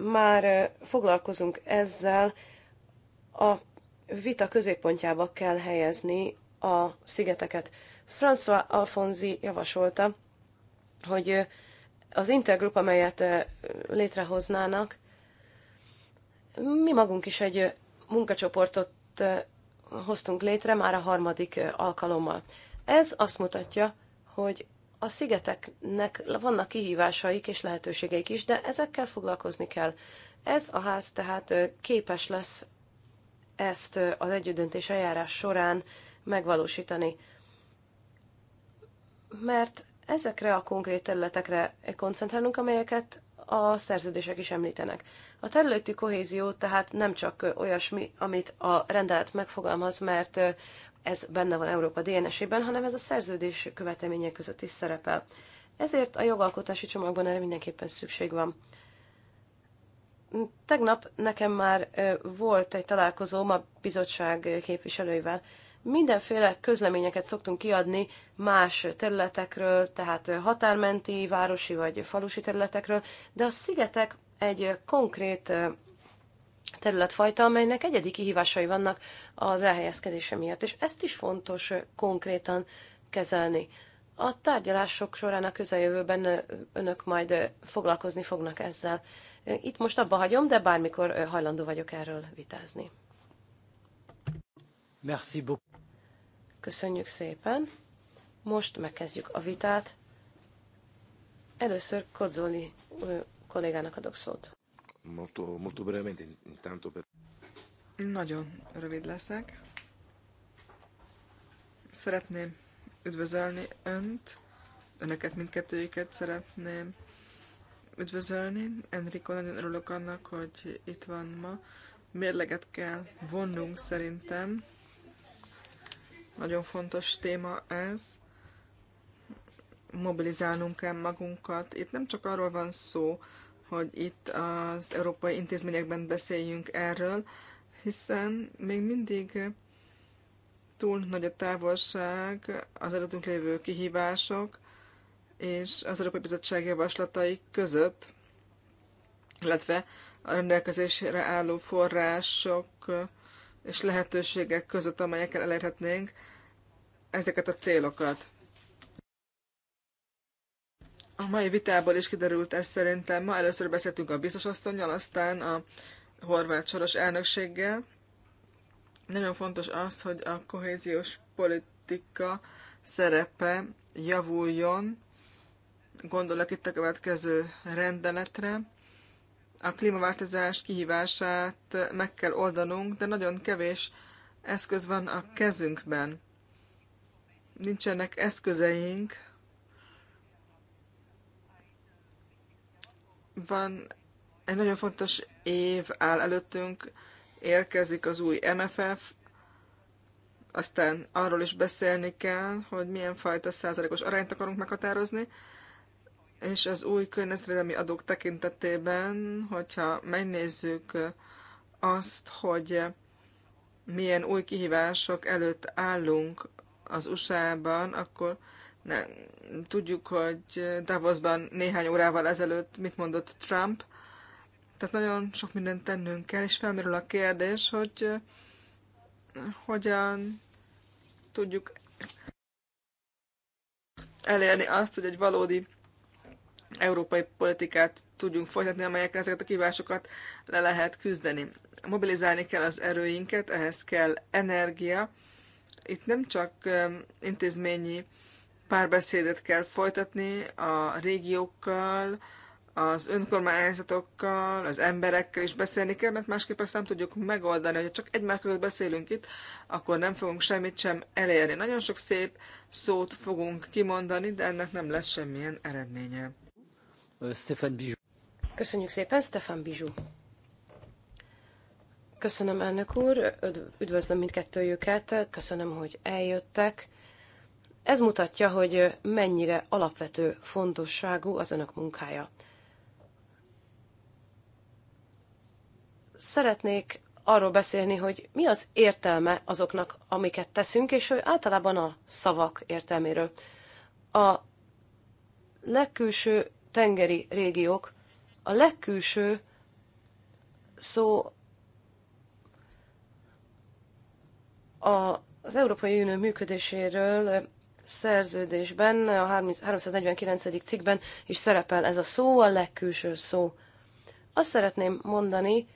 S2: már foglalkozunk ezzel, a vita középpontjába kell helyezni a szigeteket. François Alfonzi javasolta, hogy az intergrup, amelyet létrehoznának, mi magunk is egy munkacsoportot hoztunk létre már a harmadik alkalommal. Ez azt mutatja, hogy a szigeteknek vannak kihívásaik és lehetőségeik is, de ezekkel foglalkozni kell. Ez a ház tehát képes lesz ezt az együttdöntés eljárás során megvalósítani. Mert ezekre a konkrét területekre koncentrálunk, amelyeket a szerződések is említenek. A területi kohézió tehát nem csak olyasmi, amit a rendelet megfogalmaz, mert ez benne van Európa DNS-ében, hanem ez a szerződés követelmények között is szerepel. Ezért a jogalkotási csomagban erre mindenképpen szükség van. Tegnap nekem már volt egy találkozóm a bizottság képviselőivel. Mindenféle közleményeket szoktunk kiadni más területekről, tehát határmenti, városi vagy falusi területekről, de a szigetek egy konkrét területfajta, amelynek egyedi kihívásai vannak az elhelyezkedése miatt, és ezt is fontos konkrétan kezelni. A tárgyalások során a közeljövőben önök majd foglalkozni fognak ezzel. Itt most abba hagyom, de bármikor hajlandó vagyok erről vitázni. Merci beaucoup. Köszönjük szépen. Most megkezdjük a vitát. Először Kodzoli kollégának adok szót molto, molto brevemente intanto per...
S4: Nagyon rövid leszek. Szeretném üdvözölni Önt, Önöket mindkettőjüket szeretném üdvözölni. Enrico, nagyon örülök annak, hogy itt van ma. Mérleget kell vonnunk szerintem. Nagyon fontos téma ez. Mobilizálnunk kell magunkat. Itt nem csak arról van szó, hogy itt az európai intézményekben beszéljünk erről, hiszen még mindig túl nagy a távolság az előttünk lévő kihívások és az Európai Bizottság javaslatai között, illetve a rendelkezésre álló források és lehetőségek között, amelyekkel elérhetnénk ezeket a célokat. A mai vitából is kiderült ez szerintem. Ma először beszéltünk a biztosasszonynal, aztán a horvát soros elnökséggel. Nagyon fontos az, hogy a kohéziós politika szerepe javuljon. Gondolok itt a következő rendeletre. A klímaváltozás kihívását meg kell oldanunk, de nagyon kevés eszköz van a kezünkben. Nincsenek eszközeink van egy nagyon fontos év áll előttünk, érkezik az új MFF, aztán arról is beszélni kell, hogy milyen fajta százalékos arányt akarunk meghatározni, és az új környezetvédelmi adók tekintetében, hogyha megnézzük azt, hogy milyen új kihívások előtt állunk az USA-ban, akkor nem, tudjuk, hogy Davosban néhány órával ezelőtt mit mondott Trump, tehát nagyon sok mindent tennünk kell, és felmerül a kérdés, hogy hogyan tudjuk elérni azt, hogy egy valódi európai politikát tudjunk folytatni, amelyekkel ezeket a kívásokat le lehet küzdeni. Mobilizálni kell az erőinket, ehhez kell energia. Itt nem csak um, intézményi párbeszédet kell folytatni a régiókkal, az önkormányzatokkal, az emberekkel is beszélni kell, mert másképp ezt nem tudjuk megoldani. hogyha csak egymás között beszélünk itt, akkor nem fogunk semmit sem elérni. Nagyon sok szép szót fogunk kimondani, de ennek nem lesz semmilyen eredménye. Stefan Bizsú.
S2: Köszönjük szépen, Stefan Bizsú. Köszönöm, elnök úr, üdvözlöm mindkettőjüket, köszönöm, hogy eljöttek ez mutatja, hogy mennyire alapvető fontosságú az önök munkája. Szeretnék arról beszélni, hogy mi az értelme azoknak, amiket teszünk, és hogy általában a szavak értelméről. A legkülső tengeri régiók, a legkülső szó a, az Európai Unió működéséről szerződésben, a 349. cikkben is szerepel ez a szó, a legkülső szó. Azt szeretném mondani,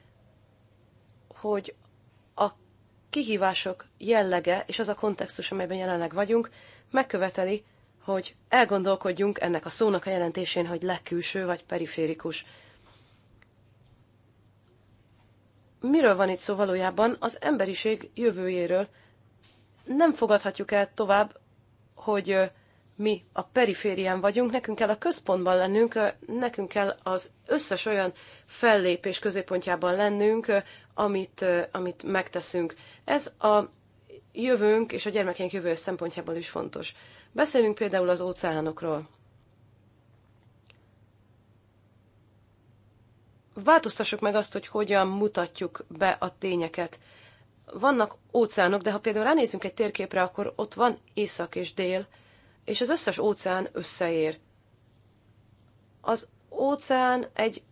S2: hogy a kihívások jellege és az a kontextus, amelyben jelenleg vagyunk, megköveteli, hogy elgondolkodjunk ennek a szónak a jelentésén, hogy legkülső vagy periférikus. Miről van itt szó valójában? Az emberiség jövőjéről. Nem fogadhatjuk el tovább, hogy mi a periférián vagyunk, nekünk kell a központban lennünk, nekünk kell az összes olyan fellépés középpontjában lennünk, amit, amit megteszünk. Ez a jövőnk és a gyermekeink jövő szempontjából is fontos. Beszélünk például az óceánokról. Változtassuk meg azt, hogy hogyan mutatjuk be a tényeket vannak óceánok, de ha például ránézünk egy térképre, akkor ott van észak és dél, és az összes óceán összeér. Az óceán egy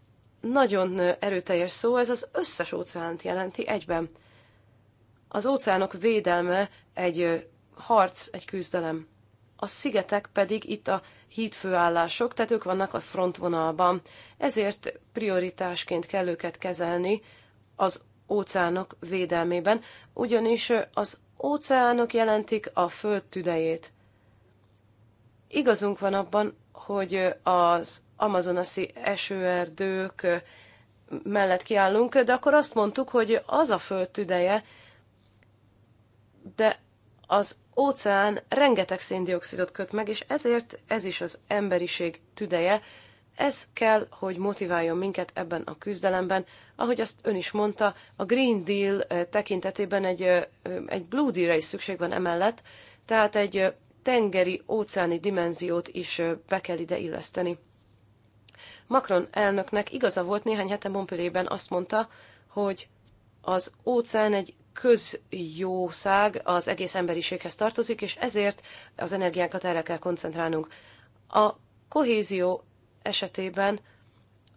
S2: nagyon erőteljes szó, ez az összes óceánt jelenti egyben. Az óceánok védelme egy harc, egy küzdelem. A szigetek pedig itt a hídfőállások, tehát ők vannak a frontvonalban. Ezért prioritásként kell őket kezelni az óceánok védelmében, ugyanis az óceánok jelentik a föld tüdejét. Igazunk van abban, hogy az amazonasi esőerdők mellett kiállunk, de akkor azt mondtuk, hogy az a föld tüdeje, de az óceán rengeteg széndiokszidot köt meg, és ezért ez is az emberiség tüdeje, ez kell, hogy motiváljon minket ebben a küzdelemben. Ahogy azt ön is mondta, a Green Deal eh, tekintetében egy, eh, egy Blue Deal-re is szükség van emellett, tehát egy eh, tengeri, óceáni dimenziót is be kell ide illeszteni. Macron elnöknek igaza volt néhány hete Montpellierben azt mondta, hogy az óceán egy közjószág az egész emberiséghez tartozik, és ezért az energiákat erre kell koncentrálnunk. A kohézió esetében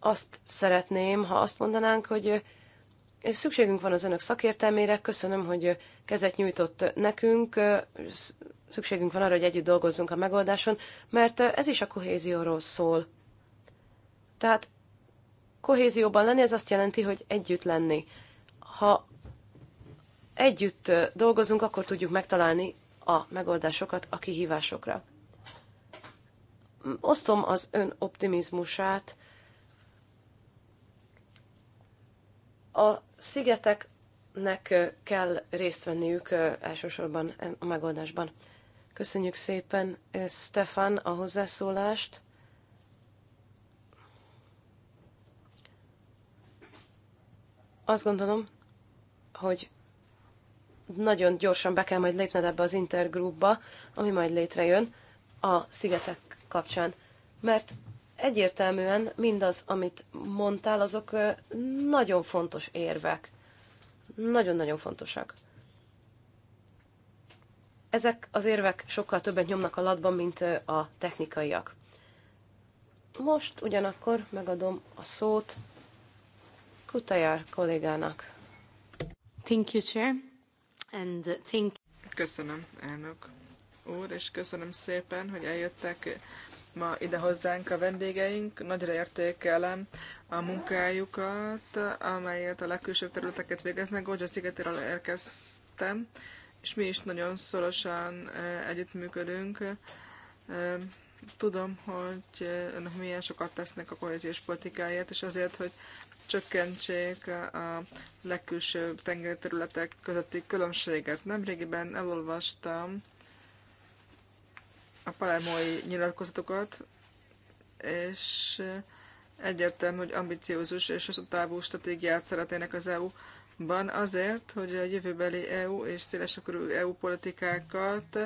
S2: azt szeretném, ha azt mondanánk, hogy szükségünk van az önök szakértelmére, köszönöm, hogy kezet nyújtott nekünk, szükségünk van arra, hogy együtt dolgozzunk a megoldáson, mert ez is a kohézióról szól. Tehát kohézióban lenni, ez azt jelenti, hogy együtt lenni. Ha együtt dolgozunk, akkor tudjuk megtalálni a megoldásokat a kihívásokra osztom az ön optimizmusát. A szigeteknek kell részt venniük elsősorban a megoldásban. Köszönjük szépen, Stefan, a hozzászólást. Azt gondolom, hogy nagyon gyorsan be kell majd lépned ebbe az intergrupba, ami majd létrejön a szigetek kapcsán, mert egyértelműen mindaz, amit mondtál, azok nagyon fontos érvek. Nagyon-nagyon fontosak. Ezek az érvek sokkal többet nyomnak a latban, mint a technikaiak. Most ugyanakkor megadom a szót Kutajár kollégának. Thank you, Chair. And thank...
S4: Köszönöm, elnök
S2: úr, és köszönöm
S4: szépen, hogy eljöttek ma ide hozzánk a vendégeink. Nagyra értékelem a munkájukat, amelyet a legkülsőbb területeket végeznek. Gógya szigetéről érkeztem, és mi is nagyon szorosan együttműködünk. Tudom, hogy önök milyen sokat tesznek a kohéziós politikáját, és azért, hogy csökkentsék a legkülsőbb tengeri területek közötti különbséget. Nemrégiben elolvastam a palermói nyilatkozatokat, és egyértelmű, hogy ambiciózus és hosszú távú stratégiát szeretnének az EU-ban azért, hogy a jövőbeli EU és szélesebb EU politikákat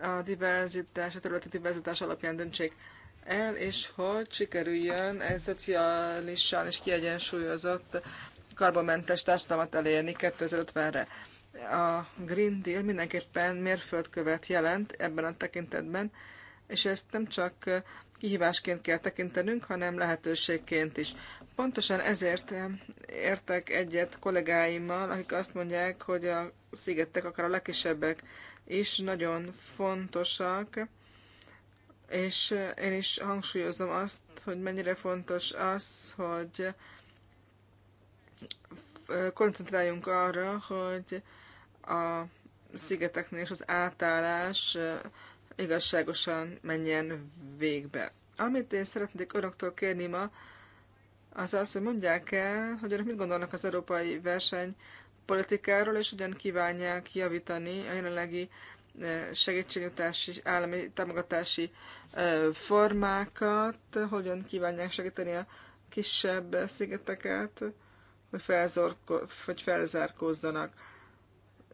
S4: a diverzitás, a területi diverzitás alapján döntsék el, és hogy sikerüljön egy szociálisan és kiegyensúlyozott karbamentes társadalmat elérni 2050-re a Green Deal mindenképpen mérföldkövet jelent ebben a tekintetben, és ezt nem csak kihívásként kell tekintenünk, hanem lehetőségként is. Pontosan ezért értek egyet kollégáimmal, akik azt mondják, hogy a szigetek, akár a legkisebbek is nagyon fontosak, és én is hangsúlyozom azt, hogy mennyire fontos az, hogy koncentráljunk arra, hogy a szigeteknél és az átállás igazságosan menjen végbe. Amit én szeretnék önöktől kérni ma, az az, hogy mondják el, hogy önök mit gondolnak az európai verseny politikáról és hogyan kívánják javítani a jelenlegi segítségnyújtási, állami támogatási formákat, hogyan kívánják segíteni a kisebb szigeteket, hogy, felzorko, hogy felzárkózzanak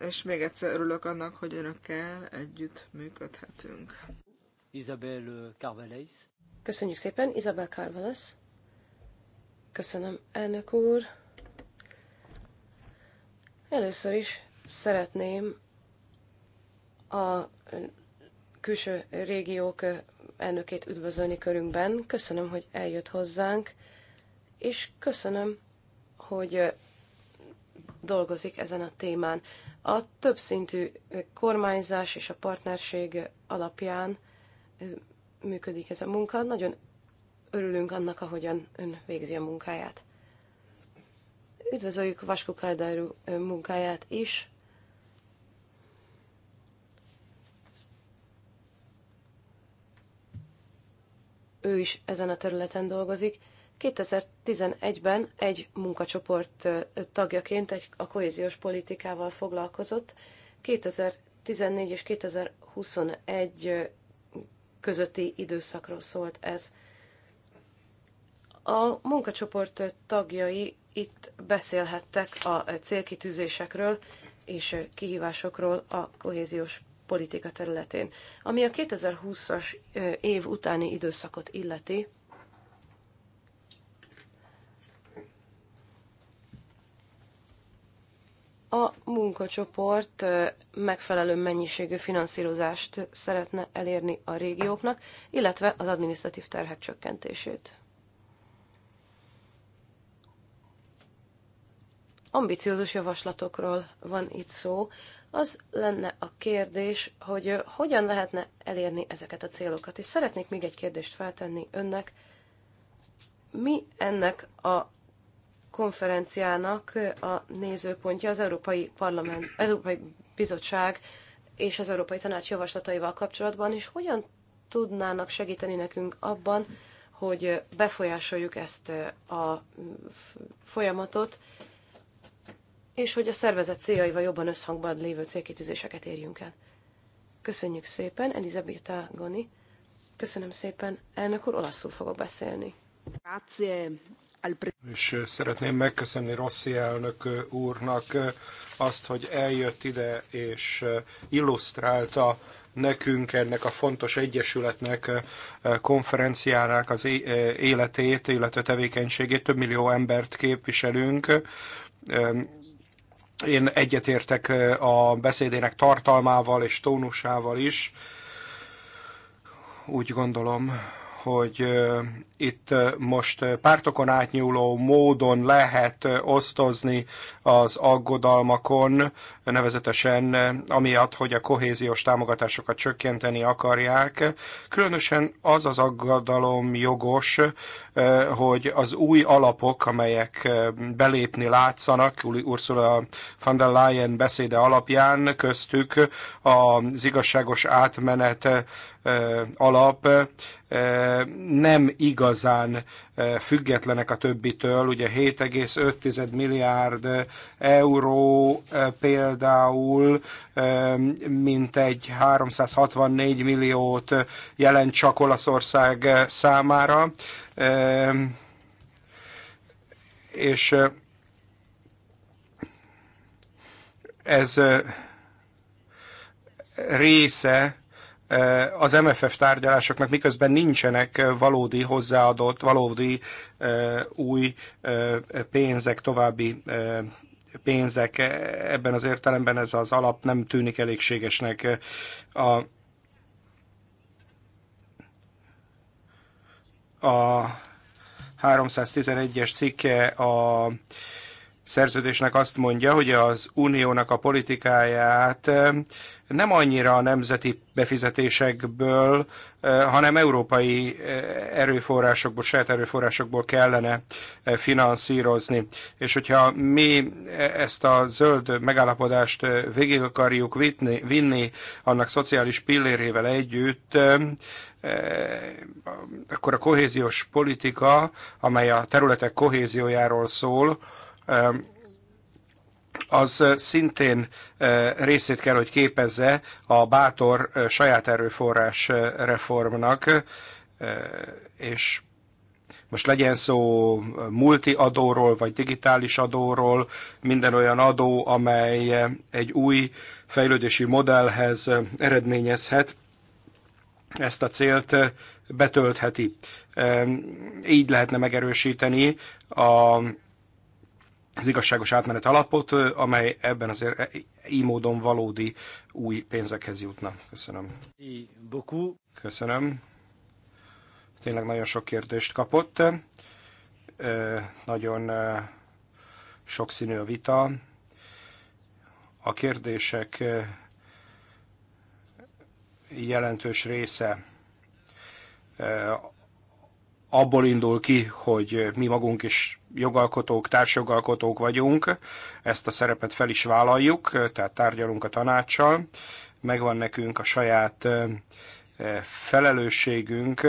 S4: és még egyszer örülök annak, hogy önökkel együtt működhetünk. Isabel uh, Carvalhais.
S2: Köszönjük szépen, Isabel Carvalhais. Köszönöm, elnök úr. Először is szeretném a külső régiók elnökét üdvözölni körünkben. Köszönöm, hogy eljött hozzánk, és köszönöm, hogy dolgozik ezen a témán. A többszintű kormányzás és a partnerség alapján működik ez a munka. Nagyon örülünk annak, ahogyan ön végzi a munkáját. Üdvözöljük Vasku Kajdárú munkáját is. Ő is ezen a területen dolgozik, 2011-ben egy munkacsoport tagjaként egy, a kohéziós politikával foglalkozott, 2014 és 2021 közötti időszakról szólt ez. A munkacsoport tagjai itt beszélhettek a célkitűzésekről és kihívásokról a kohéziós politika területén. Ami a 2020-as év utáni időszakot illeti, A munkacsoport megfelelő mennyiségű finanszírozást szeretne elérni a régióknak, illetve az adminisztratív terhek csökkentését. Ambiciózus javaslatokról van itt szó. Az lenne a kérdés, hogy hogyan lehetne elérni ezeket a célokat. És szeretnék még egy kérdést feltenni önnek. Mi ennek a konferenciának a nézőpontja az Európai Parlament, Európai Bizottság és az Európai Tanács javaslataival kapcsolatban, és hogyan tudnának segíteni nekünk abban, hogy befolyásoljuk ezt a folyamatot, és hogy a szervezet céljaival jobban összhangban lévő célkitűzéseket érjünk el. Köszönjük szépen, Elizabeth Goni. Köszönöm szépen, elnök úr, olaszul fogok beszélni.
S4: Grazie,
S3: és szeretném megköszönni Rossi elnök úrnak azt, hogy eljött ide és illusztrálta nekünk, ennek a fontos egyesületnek, konferenciának az életét, illetve tevékenységét. Több millió embert képviselünk. Én egyetértek a beszédének tartalmával és tónusával is. Úgy gondolom, hogy itt most pártokon átnyúló módon lehet osztozni az aggodalmakon, nevezetesen amiatt, hogy a kohéziós támogatásokat csökkenteni akarják. Különösen az az aggodalom jogos, hogy az új alapok, amelyek belépni látszanak, Ursula von der Leyen beszéde alapján köztük az igazságos átmenet alap nem igazán függetlenek a többitől. Ugye 7,5 milliárd euró például mint egy 364 milliót jelent csak Olaszország számára. És ez része Eh, az MFF tárgyalásoknak, miközben nincsenek eh, valódi hozzáadott, valódi eh, új pénzek, további pénzek. Ebben az értelemben ez az alap nem tűnik elégségesnek. A, a 311-es cikke a szerződésnek azt mondja, hogy az uniónak a politikáját nem annyira a nemzeti befizetésekből, eh, hanem európai eh, erőforrásokból, saját erőforrásokból kellene eh, finanszírozni. És hogyha mi ezt a zöld megállapodást végig akarjuk vitni, vinni annak szociális pillérével együtt, akkor a kohéziós politika, amely a területek kohéziójáról szól, az szintén részét kell, hogy képezze a bátor saját erőforrás reformnak, és most legyen szó multi adóról, vagy digitális adóról, minden olyan adó, amely egy új fejlődési modellhez eredményezhet, ezt a célt betöltheti. Így lehetne megerősíteni a az igazságos átmenet alapot, amely ebben azért így módon valódi új pénzekhez jutna. Köszönöm. Köszönöm. Tényleg nagyon sok kérdést kapott. Nagyon sokszínű a vita. A kérdések jelentős része abból indul ki, hogy mi magunk is jogalkotók, társjogalkotók vagyunk, ezt a szerepet fel is vállaljuk, tehát tárgyalunk a tanácssal, megvan nekünk a saját felelősségünk,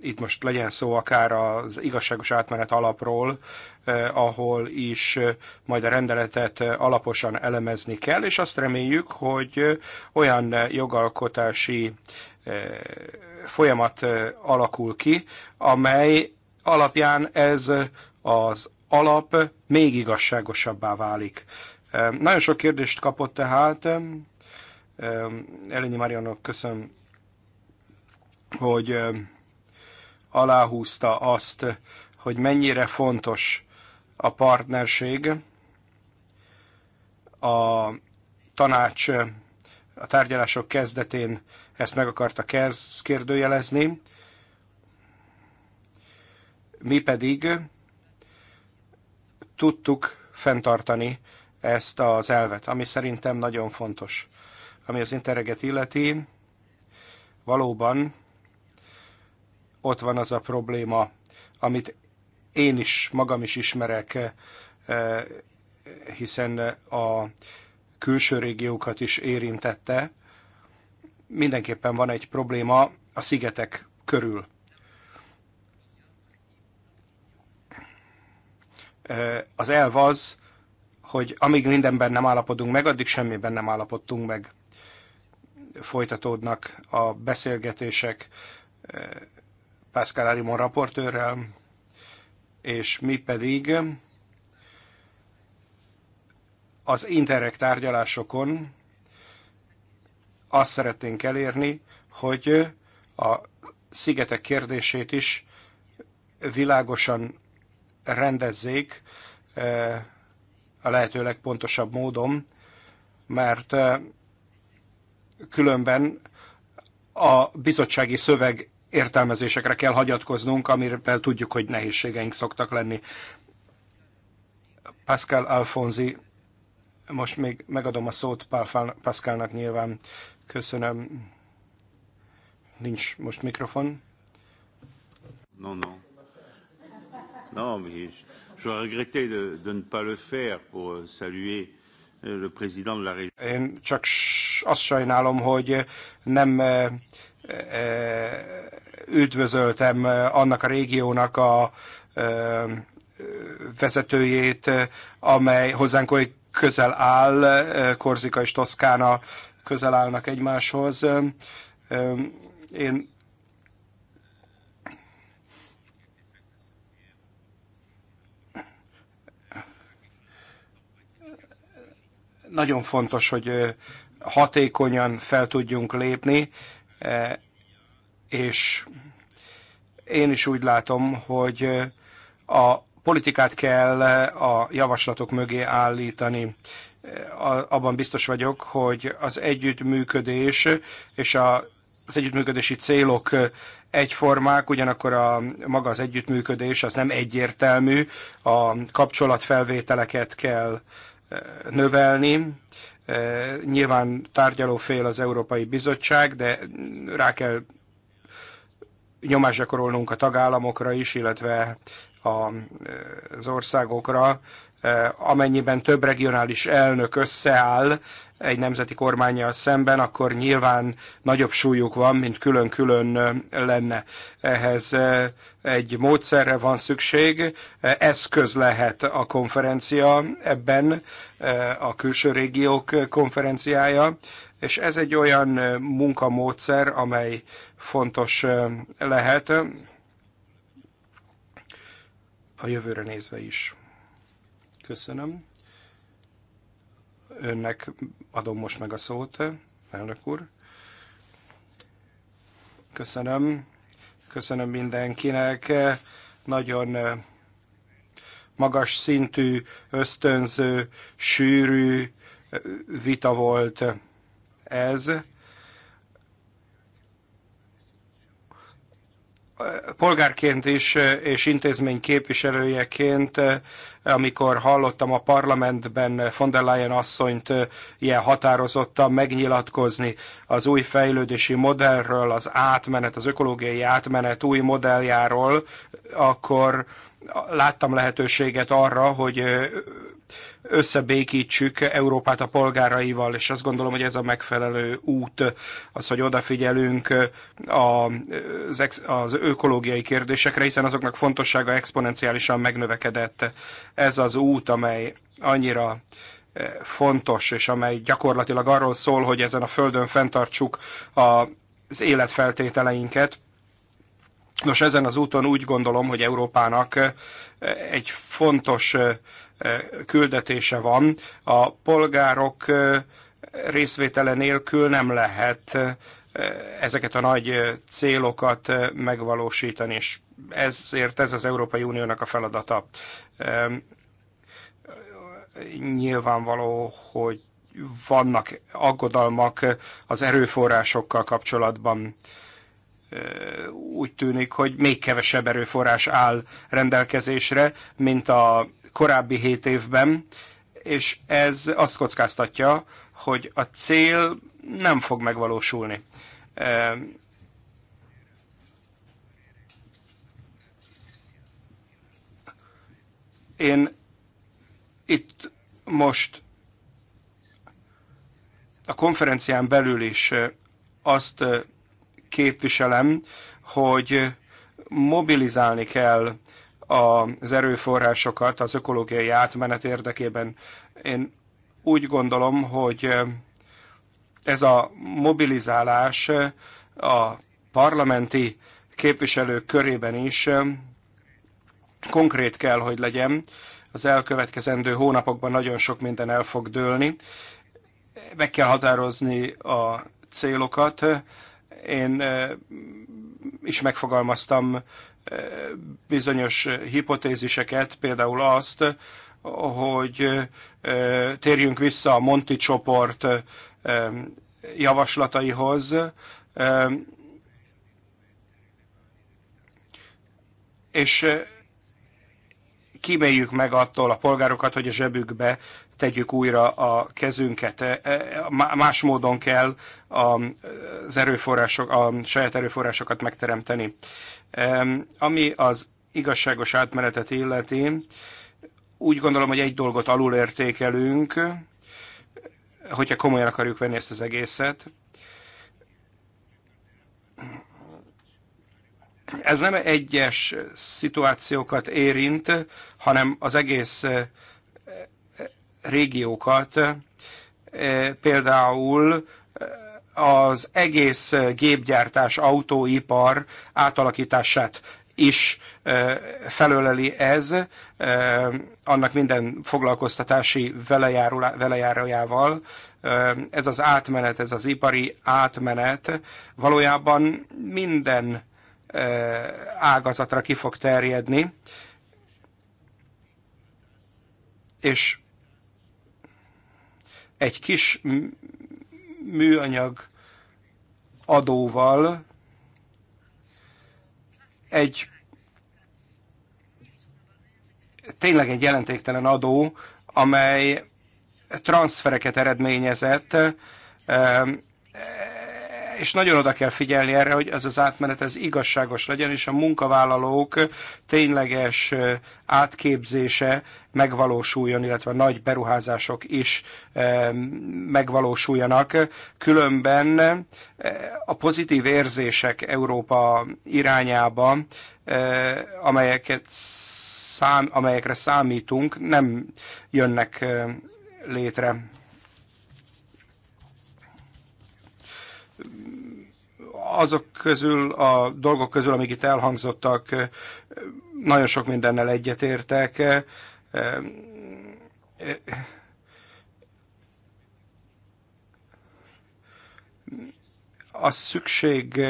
S3: itt most legyen szó akár az igazságos átmenet alapról, eh, ahol is eh, majd a rendeletet eh, alaposan elemezni kell, és azt reméljük, hogy eh, olyan jogalkotási folyamat alakul ki, amely alapján ez az alap még igazságosabbá válik. Nagyon sok kérdést kapott tehát. Elényi Marianok köszönöm, hogy aláhúzta azt, hogy mennyire fontos a partnerség, a tanács a tárgyalások kezdetén ezt meg akarta kérdőjelezni, mi pedig tudtuk fenntartani ezt az elvet, ami szerintem nagyon fontos. Ami az interreget illeti, valóban ott van az a probléma, amit én is, magam is ismerek, eh, hiszen a külső régiókat is érintette. Mindenképpen van egy probléma a szigetek körül. Az elv az, hogy amíg mindenben nem állapodunk meg, addig semmiben nem állapodtunk meg. Folytatódnak a beszélgetések Pászkál Arimon raportőrrel, és mi pedig az interreg tárgyalásokon azt szeretnénk elérni, hogy a szigetek kérdését is világosan rendezzék a lehető legpontosabb módon, mert különben a bizottsági szöveg értelmezésekre kell hagyatkoznunk, amivel tudjuk, hogy nehézségeink szoktak lenni. Pascal Alfonzi, most még megadom a szót Pascalnak nyilván. Köszönöm. Nincs most mikrofon.
S4: No, no. Non, mais j'aurais regretté de, de ne pas le faire pour saluer euh, le président de la région.
S3: Én csak azt sajnálom, hogy nem üdvözöltem annak a régiónak a vezetőjét, amely hozzánk oly közel áll, Korzika és Toszkána közel állnak egymáshoz. Én Nagyon fontos, hogy hatékonyan fel tudjunk lépni, és én is úgy látom, hogy a politikát kell a javaslatok mögé állítani. Abban biztos vagyok, hogy az együttműködés és a az együttműködési célok egyformák, ugyanakkor a maga az együttműködés az nem egyértelmű, a kapcsolatfelvételeket kell növelni. E, nyilván fél az Európai Bizottság, de rá kell nyomás gyakorolnunk a tagállamokra is, illetve e, az országokra, Eh, amennyiben több regionális elnök összeáll egy nemzeti kormányjal szemben, akkor nyilván nagyobb súlyuk van, mint külön-külön eh, lenne. Ehhez eh, egy módszerre van szükség, eszköz lehet a konferencia ebben, a külső régiók konferenciája, és ez egy olyan munkamódszer, amely fontos lehet a jövőre nézve is. Köszönöm. Önnek adom most meg a szót, elnök úr. Köszönöm. Köszönöm mindenkinek. Nagyon magas szintű, ösztönző, sűrű vita volt ez. polgárként is, és intézmény képviselőjeként, amikor hallottam a parlamentben von der Leyen asszonyt ilyen határozottan megnyilatkozni az új fejlődési modellről, az átmenet, az ökológiai átmenet új modelljáról, akkor láttam lehetőséget arra, hogy összebékítsük Európát a polgáraival, és azt gondolom, hogy ez a megfelelő út, az, hogy odafigyelünk az, az ökológiai kérdésekre, hiszen azoknak fontossága exponenciálisan megnövekedett. Ez az út, amely annyira eh, fontos, és amely gyakorlatilag arról szól, hogy ezen a földön fenntartsuk az életfeltételeinket, Nos, ezen az úton úgy gondolom, hogy Európának eh, egy fontos eh, küldetése van. A polgárok részvétele nélkül nem lehet ezeket a nagy célokat megvalósítani, és ezért ez az Európai Uniónak a feladata. Nyilvánvaló, hogy vannak aggodalmak az erőforrásokkal kapcsolatban. Úgy tűnik, hogy még kevesebb erőforrás áll rendelkezésre, mint a korábbi hét évben, és ez azt kockáztatja, hogy a cél nem fog megvalósulni. Én itt most a konferencián belül is azt képviselem, hogy mobilizálni kell az erőforrásokat az ökológiai átmenet érdekében. Én úgy gondolom, hogy ez a mobilizálás a parlamenti képviselők körében is konkrét kell, hogy legyen. Az elkövetkezendő hónapokban nagyon sok minden el fog dőlni. Meg kell határozni a célokat. Én is megfogalmaztam bizonyos hipotéziseket, például azt, hogy térjünk vissza a Monti csoport javaslataihoz, és kíméljük meg attól a polgárokat, hogy a zsebükbe tegyük újra a kezünket. E, e, más módon kell az erőforrások, a saját erőforrásokat megteremteni. E, ami az igazságos átmenetet illeti, úgy gondolom, hogy egy dolgot alulértékelünk, hogyha komolyan akarjuk venni ezt az egészet, Ez nem egyes szituációkat érint, hanem az egész eh, eh, régiókat, eh, például az egész gépgyártás, autóipar átalakítását is felöleli ez, annak minden foglalkoztatási velejárójával. Ez az átmenet, ez az ipari átmenet valójában minden ágazatra ki fog terjedni, és egy kis műanyag adóval egy tényleg egy jelentéktelen adó, amely transfereket eredményezett, és nagyon oda kell figyelni erre, hogy ez az átmenet ez igazságos legyen, és a munkavállalók tényleges átképzése megvalósuljon, illetve nagy beruházások is megvalósuljanak. Különben a pozitív érzések Európa irányába, amelyeket szám, amelyekre számítunk, nem jönnek létre. azok közül, a dolgok közül, amik itt elhangzottak, nagyon sok mindennel egyetértek. A szükség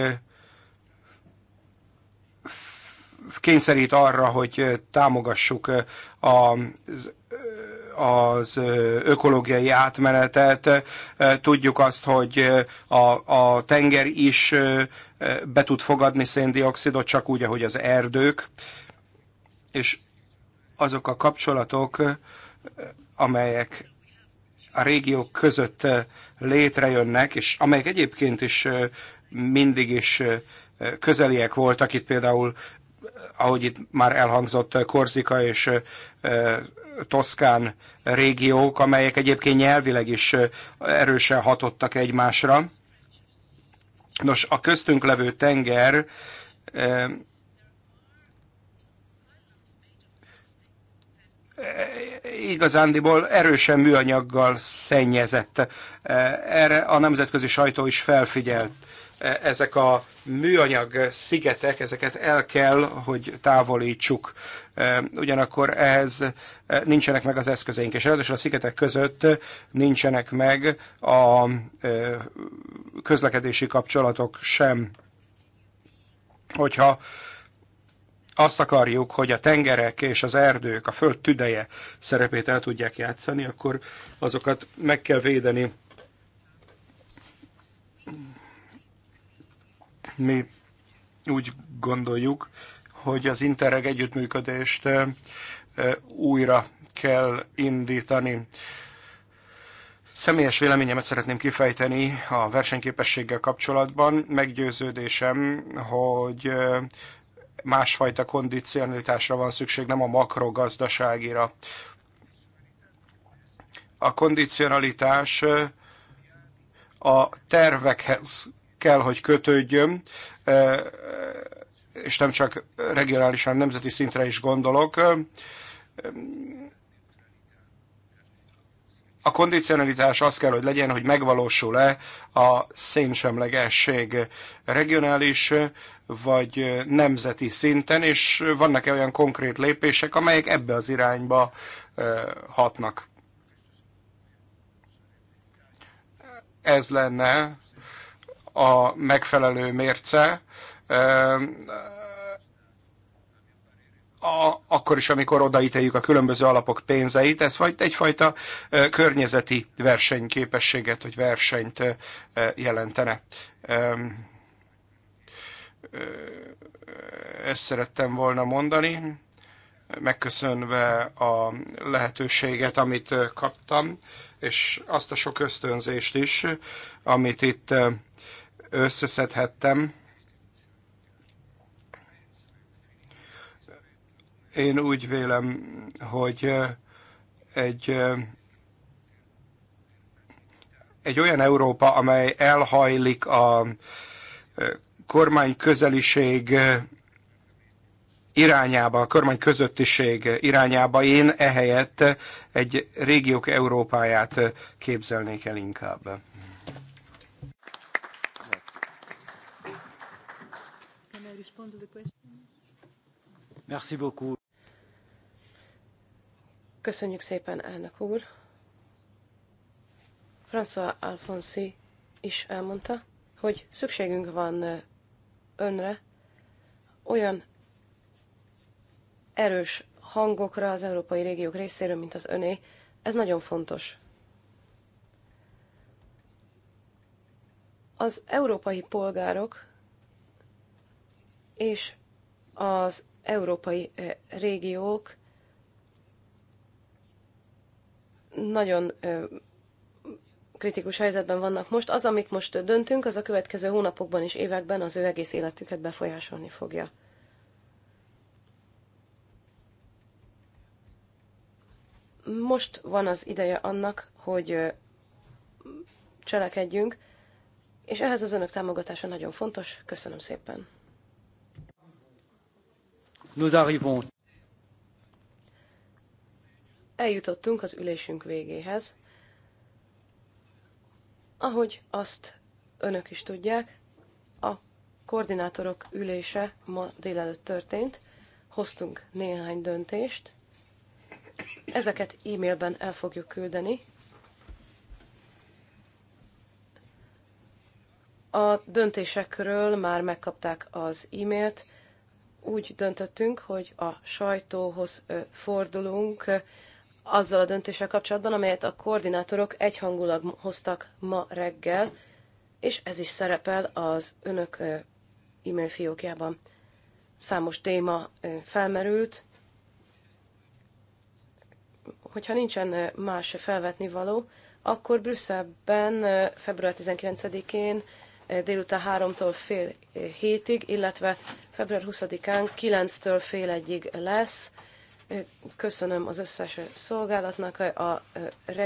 S3: kényszerít arra, hogy támogassuk az az ökológiai átmenetet. Tudjuk azt, hogy a, a tenger is be tud fogadni széndiokszidot, csak úgy, ahogy az erdők. És azok a kapcsolatok, amelyek a régiók között létrejönnek, és amelyek egyébként is mindig is közeliek voltak, itt például ahogy itt már elhangzott, Korzika és toszkán régiók, amelyek egyébként nyelvileg is erősen hatottak egymásra. Nos, a köztünk levő tenger e, igazándiból erősen műanyaggal szennyezett. E, erre a nemzetközi sajtó is felfigyelt. E, ezek a műanyag szigetek, ezeket el kell, hogy távolítsuk. E, ugyanakkor ehhez e, nincsenek meg az eszközeink, és ráadásul a szigetek között nincsenek meg a közlekedési kapcsolatok sem. Hogyha azt akarjuk, hogy a tengerek és az erdők, a föld tüdeje szerepét el tudják játszani, akkor azokat meg kell védeni. Mi úgy gondoljuk, hogy az Interreg együttműködést újra kell indítani. Személyes véleményemet szeretném kifejteni a versenyképességgel kapcsolatban. Meggyőződésem, hogy másfajta kondicionalitásra van szükség, nem a makrogazdaságira. A kondicionalitás a tervekhez kell, hogy kötődjön, e, e, és nem csak regionálisan, nemzeti szintre is gondolok. E, a kondicionalitás az kell, hogy legyen, hogy megvalósul-e a szénsemlegesség regionális vagy nemzeti szinten, és vannak-e olyan konkrét lépések, amelyek ebbe az irányba hatnak. Ez lenne a megfelelő mérce, ehm, a, akkor is, amikor odaítéljük a különböző alapok pénzeit, ez vagy egyfajta környezeti versenyképességet, vagy versenyt jelentene. Ehm, ezt szerettem volna mondani, megköszönve a lehetőséget, amit kaptam, és azt a sok ösztönzést is, amit itt összeszedhettem. Én úgy vélem, hogy egy egy olyan Európa, amely elhajlik a kormány közeliség irányába, a kormány közöttiség irányába, én ehelyett egy régiók Európáját képzelnék el inkább.
S2: Merci beaucoup. Köszönjük szépen, elnök úr. François Alfonsi is elmondta, hogy szükségünk van önre, olyan erős hangokra az európai régiók részéről, mint az öné. Ez nagyon fontos. Az európai polgárok és az európai régiók nagyon kritikus helyzetben vannak most. Az, amit most döntünk, az a következő hónapokban és években az ő egész életüket befolyásolni fogja. Most van az ideje annak, hogy cselekedjünk, és ehhez az önök támogatása nagyon fontos. Köszönöm szépen!
S1: nous arrivons.
S2: Eljutottunk az ülésünk végéhez. Ahogy azt önök is tudják, a koordinátorok ülése ma délelőtt történt, hoztunk néhány döntést, ezeket e-mailben el fogjuk küldeni. A döntésekről már megkapták az e-mailt, úgy döntöttünk, hogy a sajtóhoz fordulunk azzal a döntéssel kapcsolatban, amelyet a koordinátorok egyhangulag hoztak ma reggel, és ez is szerepel az önök e-mail fiókjában. Számos téma felmerült. Hogyha nincsen más felvetni való, akkor Brüsszelben február 19-én délután 3-tól fél hétig, illetve Február 20-án 9-től fél egyig lesz. Köszönöm az összes szolgálatnak, a